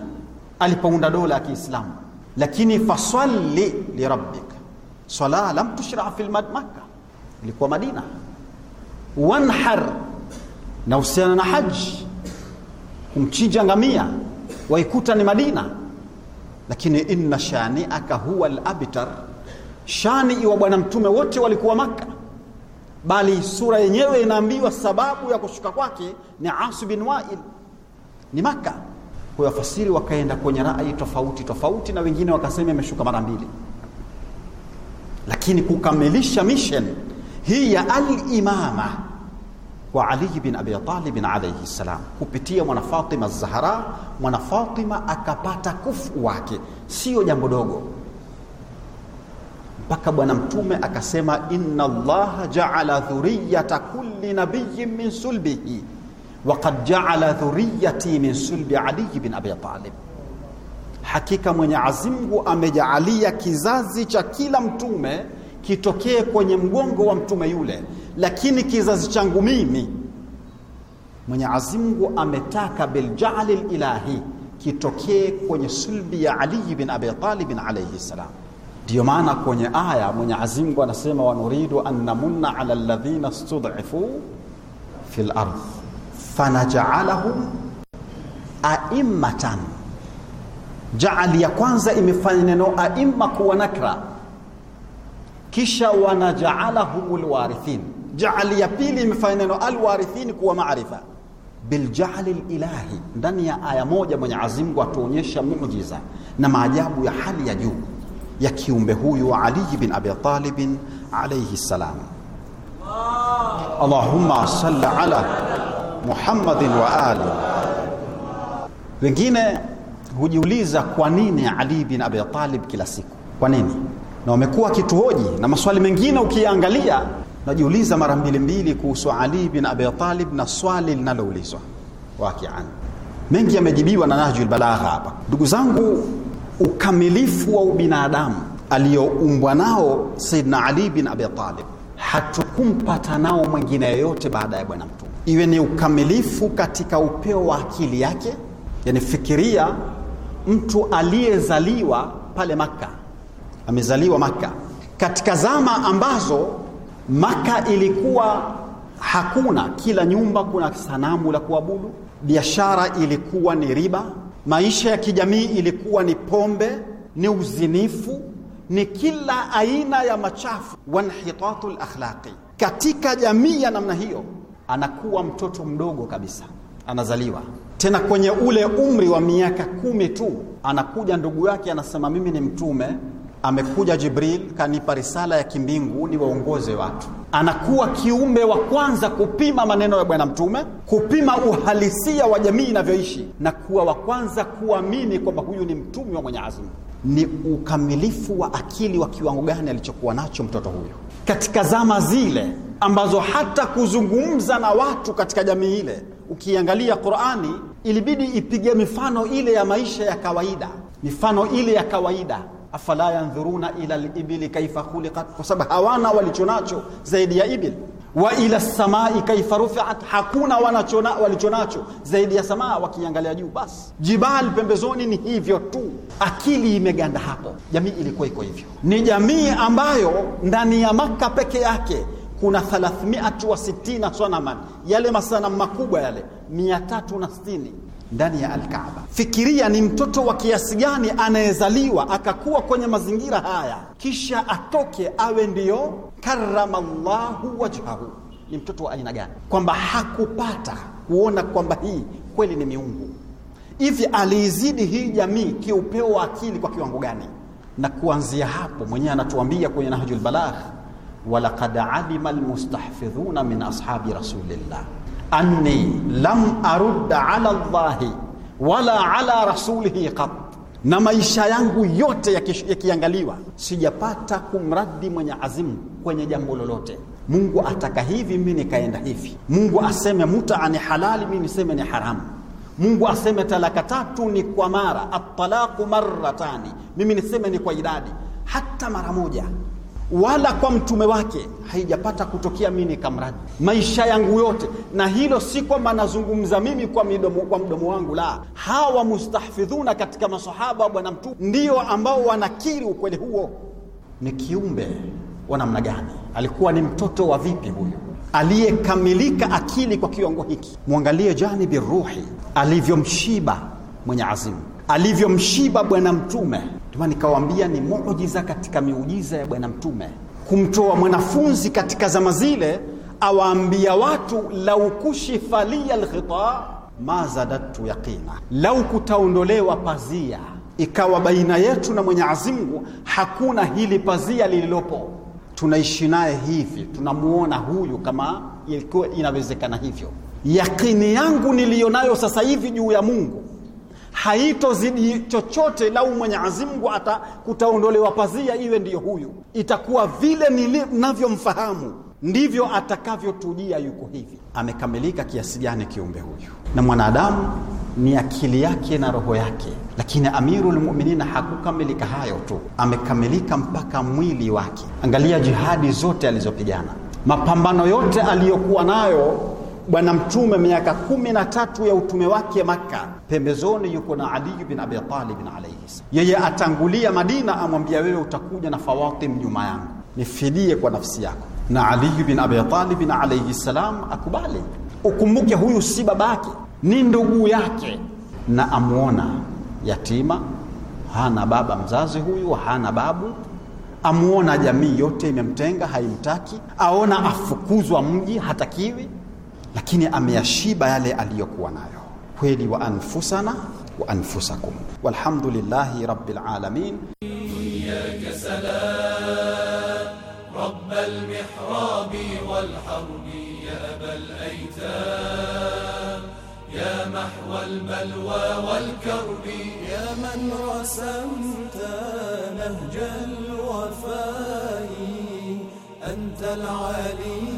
alipounda dola ya Kiislamu, lakini li rabbika swala lam tushra fi Makkah, ilikuwa Madina. Wanhar, na na haji, kumchinja ngamia waikuta ni Madina, lakini inna shaniaka huwa al-abtar, shani wa bwana mtume wote walikuwa Makka, bali sura yenyewe inaambiwa sababu ya kushuka kwake ni Asu bin Wail ni Makka wafasiri wakaenda kwenye rai tofauti tofauti, na wengine wakasema imeshuka mara mbili, lakini kukamilisha mission hii ya al-imama wa Ali bin Abi Talib alayhi salam kupitia mwana Fatima Zahra, mwana Fatima akapata kufu wake, sio jambo dogo mpaka Bwana Mtume akasema, inna Allaha jaala dhuriyata kulli nabiyyin min sulbihi waqad jaala dhurriyyati min sulbi Ali ibn Abi Talib, hakika mwenye Mungu amejaalia kizazi cha kila mtume kitokee kwenye mgongo wa mtume yule, lakini kizazi changu mimi mwenye Mungu ametaka biljali lilahi kitokee kwenye sulbi ya Ali ibn Abi Talib alayhi salam. Ndiyo maana kwenye aya mwenye Mungu anasema wanuridu an namunna ala alladhina stud'ifu fil ardh fanajaalahum aimmatan. Jaali ya kwanza imefanya neno aimma kuwa nakra, kisha wanajaalahumul warithin. Jaali ya pili imefanya neno alwarithin kuwa maarifa biljali lilahi. Ndani ya aya moja Mwenyezi Mungu atuonyesha mujiza na maajabu ya hali ya juu ya kiumbe huyu Ali bin Abi Talib alayhi salam. Allahumma salli ala Muhammadin wa ali. Wengine hujiuliza kwa nini Ali bin Abi Talib kila siku, kwa nini? Na wamekuwa kituhoji na maswali mengine, ukiangalia najiuliza mara mbili mbili kuhusu Ali bin Abi Talib na swali linaloulizwa wakian. Mengi yamejibiwa na Nahjul Balagha hapa. Ndugu zangu, ukamilifu wa ubinadamu aliyoumbwa nao Sayyidina Ali bin Abi Talib hatukumpata nao mwingine yoyote baada ya bwana iwe ni ukamilifu katika upeo wa akili yake. Yani fikiria mtu aliyezaliwa pale Maka, amezaliwa Maka katika zama ambazo Maka ilikuwa hakuna, kila nyumba kuna sanamu la kuabudu, biashara ilikuwa ni riba, maisha ya kijamii ilikuwa ni pombe, ni uzinifu, ni kila aina ya machafu, wanhitatu lakhlaqi. Katika jamii ya namna hiyo anakuwa mtoto mdogo kabisa, anazaliwa tena kwenye ule umri wa miaka kumi tu, anakuja ndugu yake anasema, mimi ni mtume, amekuja Jibril kanipa risala ya kimbingu ni waongoze watu. Anakuwa kiumbe wa kwanza kupima maneno ya Bwana Mtume, kupima uhalisia wa jamii inavyoishi na kuwa wa kwanza kuamini kwamba huyu ni mtume wa Mwenyezi Mungu. Ni ukamilifu wa akili wa kiwango gani alichokuwa nacho mtoto huyo katika zama zile ambazo hata kuzungumza na watu katika jamii ile, ukiangalia Qur'ani ilibidi ipige mifano ile ya maisha ya kawaida, mifano ile ya kawaida afala yandhuruna ila alibili kaifa khuliqat, kwa sababu hawana walichonacho zaidi ya ibil. Wa ila samai kaifa rufiat, hakuna wanachona walichonacho zaidi ya samaa, wakiangalia juu basi. Jibal pembezoni ni hivyo tu, akili imeganda hapo. Jamii ilikuwa iko hivyo, ni jamii ambayo ndani ya Maka peke yake kuna 360 sanaman, yale masanamu makubwa yale 360 ndani ya Alkaaba. Fikiria ni mtoto wa kiasi gani anayezaliwa akakuwa kwenye mazingira haya, kisha atoke awe ndiyo llahu wajhahu. Ni mtoto wa aina gani, kwamba hakupata kuona kwamba hii kweli ni miungu hivi? Aliizidi hii jamii kiupeo wa akili kwa kiwango gani? Na kuanzia hapo mwenyewe anatuambia kwenye Nahjul Balagh walaqad alima almustahfidhuna min ashabi rasulillah anni lam arudda ala llahi wala ala rasulihi qat, na maisha yangu yote yakiangaliwa ya sijapata kumraddi azimu kwenye jambo lolote. Mungu ataka hivi, mimi nikaenda hivi. Mungu aseme muta ni halali, mimi niseme ni haramu. Mungu aseme talaka tatu ni kwa mara, atalaqu marratani, mimi niseme ni kwa idadi hata mara moja wala kwa mtume wake haijapata kutokea mimi nikamradi maisha yangu yote, na hilo si kwamba nazungumza mimi kwa midomo, kwa mdomo wangu la. Hawa mustahfidhuna katika masahaba wa bwana mtume ndio ambao wanakiri ukweli huo. Ni kiumbe wa namna gani? Alikuwa ni mtoto wa vipi huyu aliyekamilika akili kwa kiwango hiki? Mwangalie janibi ruhi alivyomshiba mwenye azimu alivyomshiba Bwana Mtume. Ndio nikawaambia ni muujiza katika miujiza ya Bwana Mtume kumtoa mwanafunzi katika zama zile, awaambia watu lau kushifa liya lghita ma yaqina, lau kutaondolewa pazia ikawa baina yetu na Mwenyezi Mungu hakuna hili pazia lililopo, tunaishi naye hivi, tunamuona huyu, kama ilikuwa inawezekana hivyo. Yakini yangu niliyonayo sasa hivi juu ya Mungu haitozidi chochote lau Mwenyezi Mungu ata kutaondolewa pazia iwe ndiyo huyu, itakuwa vile ninavyomfahamu ndivyo atakavyotujia. Yuko hivi, amekamilika kiasi gani kiumbe huyu? Na mwanadamu ni akili yake na roho yake, lakini Amirul Muminina hakukamilika hayo tu, amekamilika mpaka mwili wake. Angalia jihadi zote alizopigana, mapambano yote aliyokuwa nayo Bwana Mtume miaka kumi na tatu ya utume wake Maka, pembezoni yuko na Ali bin Abi Talib alayhi salam. Yeye atangulia Madina, amwambia wewe utakuja na Fawatim nyuma yangu, nifidie kwa nafsi yako, na Ali bin Abi Talib alayhi salam akubali. Ukumbuke huyu si babake, ni ndugu yake, na amwona yatima, hana baba mzazi huyu, hana babu amwona jamii yote imemtenga, haimtaki, aona afukuzwa mji, hatakiwi lakini ameyashiba yale aliyokuwa nayo kweli wa anfusana wa anfusakum walhamdulillahi rabbil alamin iyyaka salam rabbal mihrabi wal harbi ya abal aitam ya mahwa al balwa wal karbi ya man rasamta nahja wafai anta al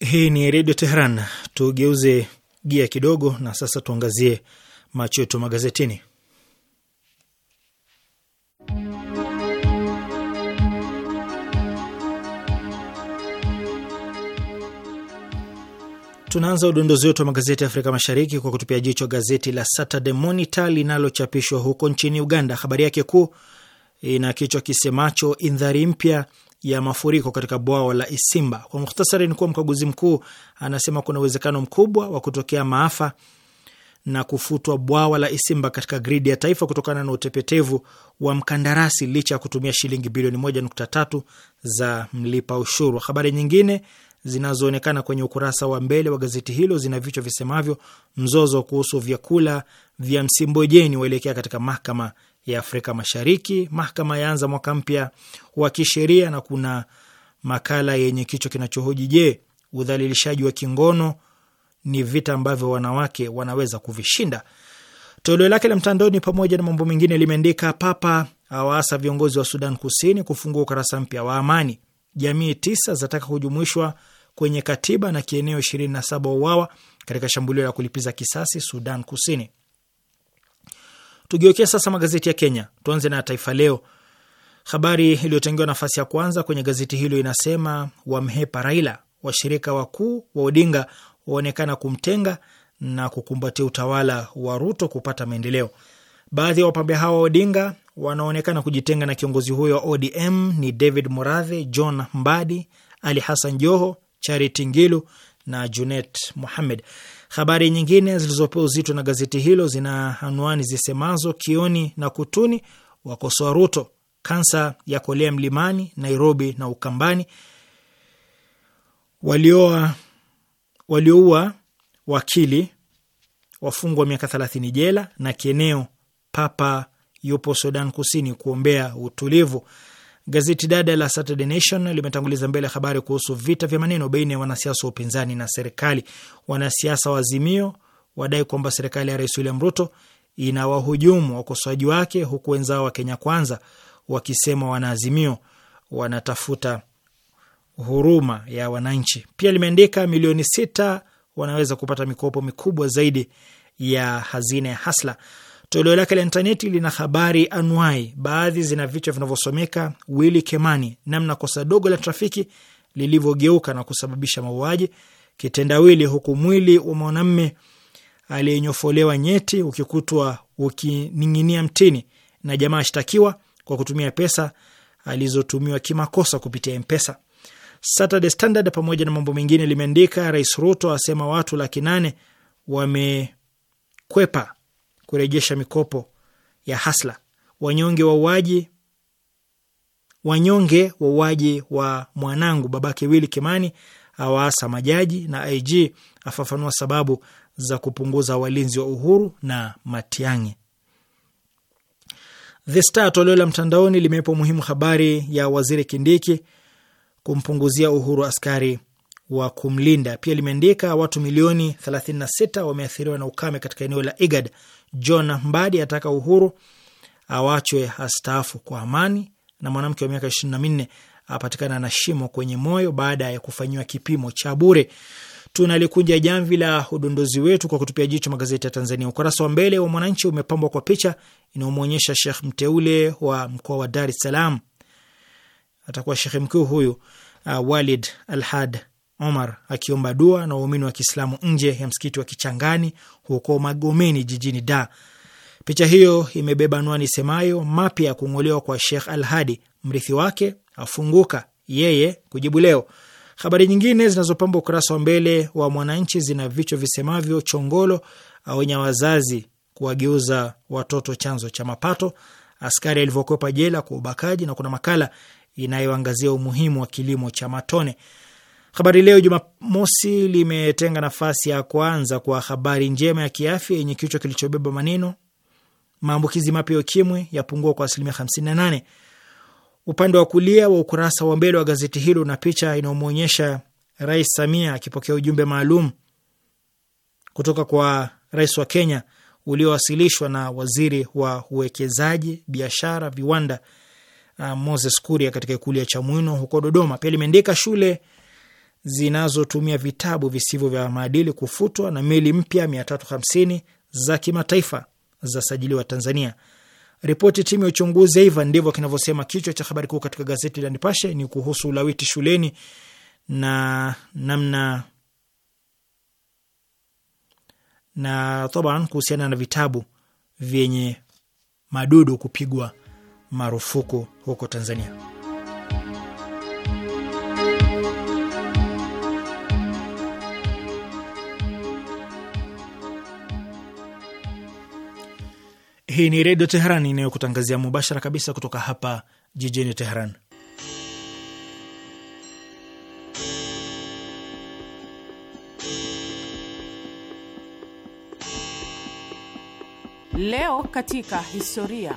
Hii ni Redio teheran Tugeuze gia kidogo na sasa tuangazie macho yetu magazetini. Tunaanza udondozi wetu wa magazeti ya Afrika Mashariki kwa kutupia jicho gazeti la Saturday Monitor linalochapishwa huko nchini Uganda. Habari yake kuu ina kichwa kisemacho indhari mpya ya mafuriko katika bwawa la Isimba. Kwa muhtasari, ni kuwa mkaguzi mkuu anasema kuna uwezekano mkubwa wa kutokea maafa na kufutwa bwawa la Isimba katika gridi ya taifa kutokana na utepetevu wa mkandarasi licha ya kutumia shilingi bilioni 1.3 za mlipa ushuru. Habari nyingine zinazoonekana kwenye ukurasa wa mbele wa gazeti hilo zina vichwa visemavyo: mzozo kuhusu vyakula vya msimbojeni waelekea katika mahakama ya Afrika Mashariki, mahakama yaanza mwaka mpya wa kisheria, na kuna makala yenye kichwa kinachohoji je, udhalilishaji wa kingono ni vita ambavyo wanawake wanaweza kuvishinda. Toleo lake la mtandaoni, pamoja na mambo mengine, limeandika Papa awaasa viongozi wa Sudan Kusini kufungua ukurasa mpya wa amani, jamii tisa zataka kujumuishwa kwenye katiba na kieneo 27 wauawa katika shambulio la kulipiza kisasi Sudan Kusini. Tugeukia sasa magazeti ya Kenya, tuanze na Taifa Leo. Habari iliyotengewa nafasi ya kwanza kwenye gazeti hilo inasema wamhepa Raila, washirika wakuu wa Odinga waonekana kumtenga na kukumbatia utawala wa Ruto kupata maendeleo. Baadhi ya wapambe hao wa Odinga wanaonekana kujitenga na kiongozi huyo wa ODM ni David Morathe, John Mbadi, Ali Hassan Joho Charity Ngilu na Junet Muhamed. Habari nyingine zilizopewa uzito na gazeti hilo zina anwani zisemazo Kioni na Kutuni wakosoa Ruto, kansa ya kolea mlimani, Nairobi na Ukambani, walioa walioua wakili wafungwa miaka thelathini jela, na kieneo Papa yupo Sudan Kusini kuombea utulivu. Gazeti dada la Saturday Nation limetanguliza mbele ya habari kuhusu vita vya maneno baina ya wanasiasa wa upinzani na serikali. Wanasiasa wa Azimio wadai kwamba serikali ya Rais William Ruto inawahujumu wakosoaji wake, huku wenzao wa Kenya Kwanza wakisema wanaazimio wanatafuta huruma ya wananchi. Pia limeandika milioni sita wanaweza kupata mikopo mikubwa zaidi ya hazina ya Hasla. Toleo lake la intaneti lina habari anwai, baadhi zina vichwa vinavyosomeka Willy Kemani, namna kosa dogo la trafiki lilivyogeuka na kusababisha mauaji, kitendawili, huku mwili wa mwanamme aliyenyofolewa nyeti ukikutwa ukining'inia mtini, na jamaa ashtakiwa kwa kutumia pesa alizotumiwa kimakosa kupitia Mpesa. Saturday Standard pamoja na mambo mengine limeandika Rais Ruto asema watu laki nane wamekwepa kurejesha mikopo ya hasla. Wanyonge wauaji wanyonge wauaji wa mwanangu babake Willy Kimani awaasa majaji, na IG afafanua sababu za kupunguza walinzi wa uhuru na Matiang'i. The Star toleo la mtandaoni limewepa umuhimu habari ya waziri Kindiki kumpunguzia uhuru askari wa kumlinda. Pia limeandika watu milioni 36 wameathiriwa na ukame katika eneo la IGAD. John Mbadi ataka Uhuru awachwe astaafu kwa amani, na mwanamke wa miaka 24 apatikana na shimo kwenye moyo baada ya kufanyiwa kipimo cha bure. Tunalikunja jamvi la udondozi wetu kwa kutupia jicho magazeti ya Tanzania. Ukurasa wa mbele wa Mwananchi umepambwa kwa picha inayomwonyesha Shekh mteule wa mkoa wa Dar es Salaam, atakuwa shekhe mkuu huyu uh, Walid Alhad Omar akiomba dua na waumini wa Kiislamu nje ya msikiti wa Kichangani huko Magomeni jijini Da. Picha hiyo imebeba anwani semayo mapya ya kung'olewa kwa Sheikh Alhadi, mrithi wake afunguka, yeye kujibu leo. Habari nyingine zinazopamba ukurasa wa mbele wa Mwananchi zina vichwa visemavyo: Chongolo awenya wazazi kuwageuza watoto chanzo cha mapato, askari alivyokwepa jela kwa ubakaji, na kuna makala inayoangazia umuhimu wa kilimo cha matone. Habari Leo Jumamosi limetenga nafasi ya kwanza kwa habari njema ya kiafya yenye kichwa kilichobeba maneno maambukizi mapya ya ukimwi yapungua kwa asilimia 58. Upande wa kulia wa ukurasa wa mbele wa gazeti hilo na picha inayomwonyesha Rais Samia akipokea ujumbe maalum kutoka kwa rais wa Kenya uliowasilishwa na waziri wa uwekezaji, biashara, viwanda uh, Moses Kuria katika ikulu ya Chamwino huko Dodoma. Pia limeandika shule zinazotumia vitabu visivyo vya maadili kufutwa na meli mpya 350 za kimataifa zasajiliwa Tanzania. Ripoti timu ya uchunguzi Ivan, ndivyo kinavyosema kichwa cha habari kuu katika gazeti la Nipashe. Ni kuhusu ulawiti shuleni na namna na toban kuhusiana na vitabu vyenye madudu kupigwa marufuku huko Tanzania. Hii ni Redio Teheran inayokutangazia mubashara kabisa kutoka hapa jijini Teheran. Leo katika historia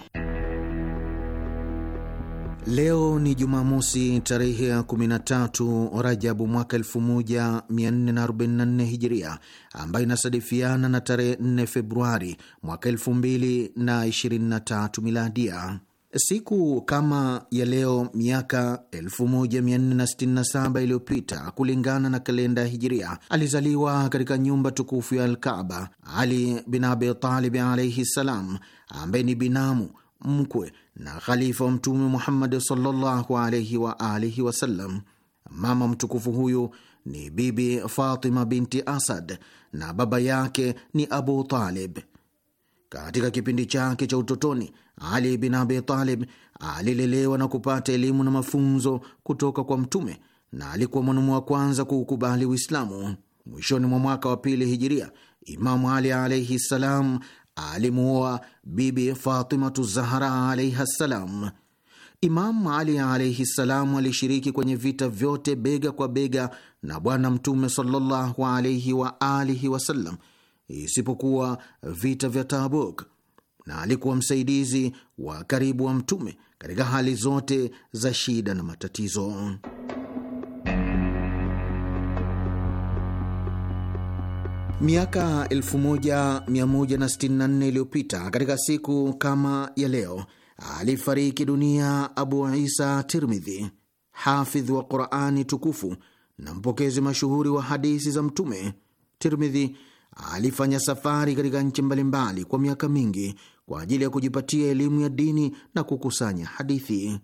Leo ni Jumamosi tarehe ya 13 Rajabu mwaka 1444 Hijiria, ambayo inasadifiana na tarehe 4 Februari mwaka 2023 Miladia. Siku kama ya leo miaka 1467 iliyopita kulingana na kalenda ya Hijiria, alizaliwa katika nyumba tukufu ya Alkaba Ali bin Abi Talib alaihi ssalam, ambaye ni binamu mkwe na khalifa wa Mtume muhammadi sallallahu alaihi wa alihi wasallam. Mama mtukufu huyu ni Bibi Fatima binti Asad na baba yake ni Abu Talib. Katika kipindi chake cha utotoni, Ali bin Abi Talib alilelewa na kupata elimu na mafunzo kutoka kwa Mtume na alikuwa mwanamume wa kwanza kuukubali Uislamu. Mwishoni mwa mwaka wa pili hijiria, Imamu Ali alaihi ssalam alimuoa Bibi Fatimatu Zahra alaihi ssalam. Imamu Ali alaihi ssalam alishiriki kwenye vita vyote bega kwa bega na Bwana Mtume sallallahu alaihi wa alihi wasallam, isipokuwa vita vya Tabuk, na alikuwa msaidizi wa karibu wa Mtume katika hali zote za shida na matatizo. Miaka 1164 iliyopita katika siku kama ya leo alifariki dunia Abu Isa Tirmidhi, hafidh wa Qurani tukufu na mpokezi mashuhuri wa hadithi za Mtume. Tirmidhi alifanya safari katika nchi mbalimbali kwa miaka mingi kwa ajili ya kujipatia elimu ya dini na kukusanya hadithi.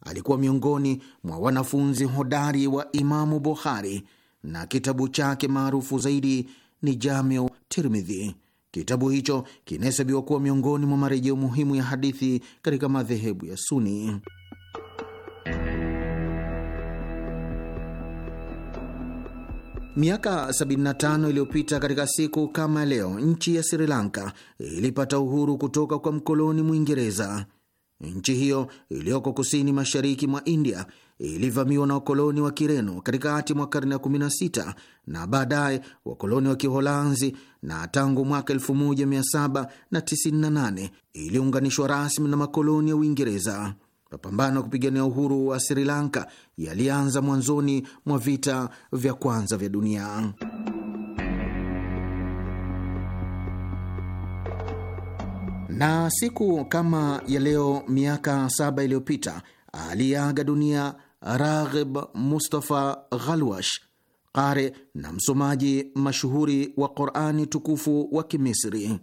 Alikuwa miongoni mwa wanafunzi hodari wa Imamu Bukhari na kitabu chake maarufu zaidi ni Jamiu Tirmidhi. Kitabu hicho kinahesabiwa kuwa miongoni mwa marejeo muhimu ya hadithi katika madhehebu ya Suni. Miaka 75 iliyopita katika siku kama leo, nchi ya Sri Lanka ilipata uhuru kutoka kwa mkoloni Mwingereza. Nchi hiyo iliyoko kusini mashariki mwa India ilivamiwa na wakoloni wa Kireno katikati mwa karne ya 16 na baadaye wakoloni wa Kiholanzi, na tangu mwaka 1798 iliunganishwa rasmi na makoloni ya Uingereza. Mapambano ya kupigania uhuru wa Sri Lanka yalianza mwanzoni mwa vita vya kwanza vya dunia. Na siku kama ya leo miaka saba iliyopita aliaga dunia Raghib Mustafa Ghalwash, qari na msomaji mashuhuri wa Qurani tukufu wa Kimisri.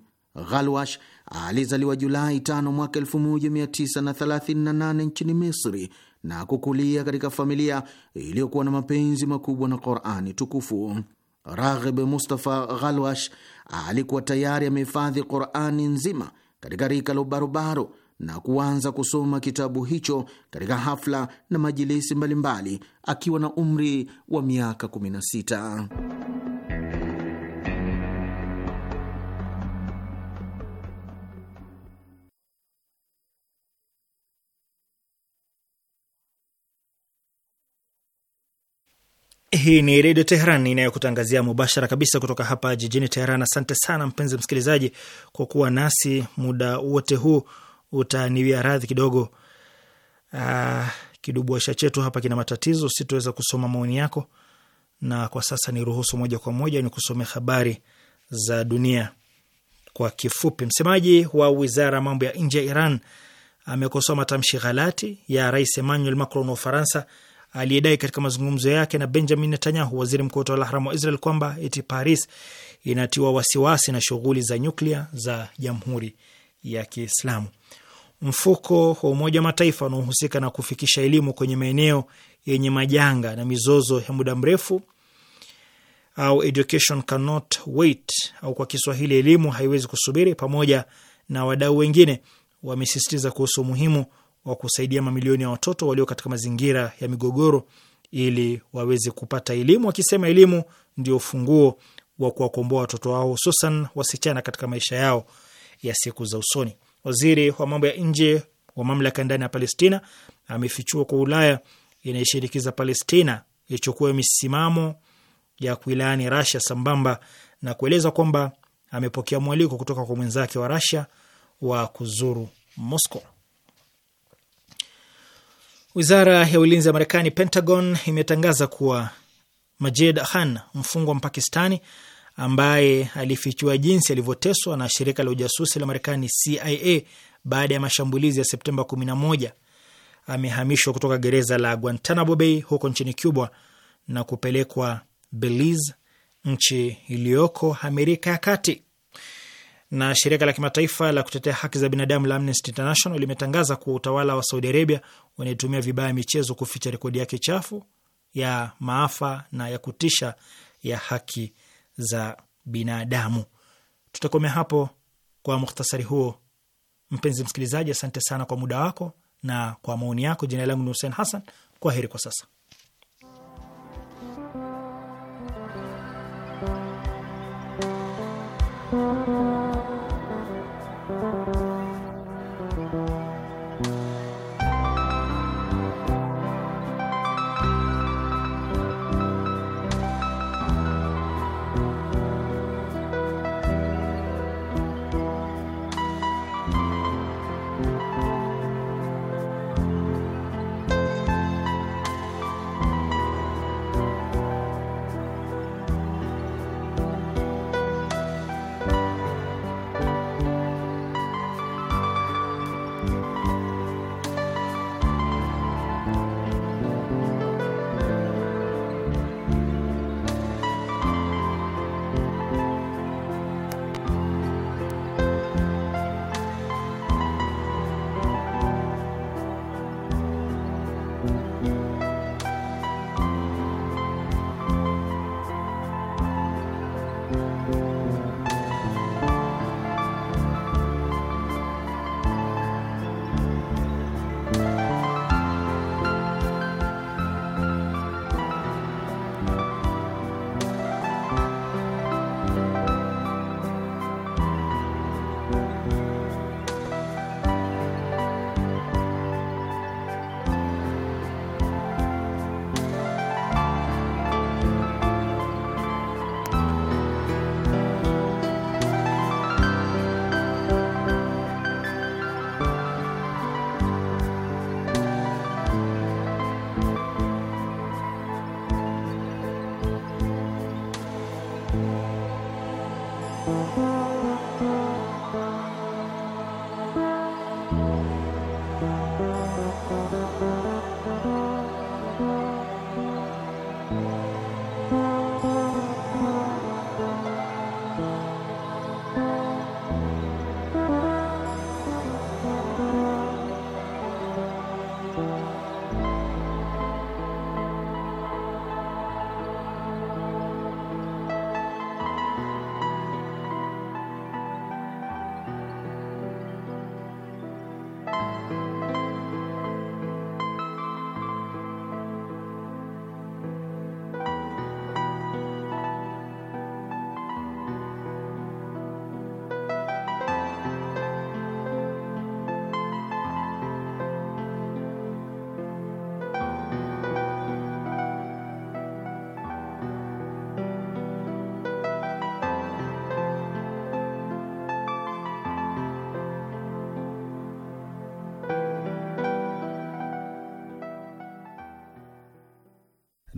Ghalwash alizaliwa Julai 5 mwaka 1938 nchini Misri na kukulia katika familia iliyokuwa na mapenzi makubwa na Qurani tukufu. Raghib Mustafa Ghalwash alikuwa tayari amehifadhi Qurani nzima katika rika la ubarobaro na kuanza kusoma kitabu hicho katika hafla na majilisi mbalimbali akiwa na umri wa miaka 16. Hii ni Redio Teheran inayokutangazia mubashara kabisa kutoka hapa jijini Teheran. Asante sana mpenzi msikilizaji, kwa kuwa nasi muda wote huu utaniwia radhi kidogo. Uh, ah, kidubuasha chetu hapa kina matatizo, sitoweza kusoma maoni yako, na kwa sasa ni ruhusu moja kwa moja ni kusomea habari za dunia kwa kifupi. Msemaji wa wizara ya mambo ya nje ya Iran amekosoa matamshi ghalati ya Rais Emmanuel Macron wa Ufaransa aliyedai katika mazungumzo yake na Benjamin Netanyahu, waziri mkuu wa utawala haramu wa Israel, kwamba eti Paris inatiwa wasiwasi na shughuli za nyuklia za Jamhuri ya Kiislamu. Mfuko wa Umoja wa Mataifa unaohusika na kufikisha elimu kwenye maeneo yenye majanga na mizozo ya muda mrefu au Education Cannot Wait au kwa Kiswahili elimu haiwezi kusubiri, pamoja na wadau wengine wamesisitiza kuhusu umuhimu wa kusaidia mamilioni ya watoto walio katika mazingira ya migogoro ili waweze kupata elimu, wakisema elimu ndio ufunguo wa kuwakomboa watoto wao, hususan wasichana katika maisha yao ya siku za usoni. Waziri wa mambo ya nje wa mamlaka ndani ya Palestina amefichua kwa Ulaya inayeshirikiza Palestina ichukue misimamo ya kuilaani Rasia sambamba na kueleza kwamba amepokea mwaliko kutoka kwa mwenzake wa Rasia wa kuzuru Moscow. Wizara ya ulinzi ya Marekani, Pentagon, imetangaza kuwa Majed Khan, mfungwa Mpakistani, ambaye alifichua jinsi alivyoteswa na shirika la ujasusi la Marekani CIA baada ya mashambulizi ya Septemba 11 amehamishwa kutoka gereza la Guantanamo Bay huko nchini Cuba na kupelekwa Belize, nchi iliyoko Amerika ya Kati. Na shirika la kimataifa la kutetea haki za binadamu la Amnesty International limetangaza kuwa utawala wa Saudi Arabia unatumia vibaya michezo kuficha rekodi yake chafu ya maafa na ya kutisha ya haki za binadamu. Tutakomea hapo kwa muhtasari huo. Mpenzi msikilizaji, asante sana kwa muda wako na kwa maoni yako. Jina langu ni Hussein Hassan. Kwa heri kwa sasa.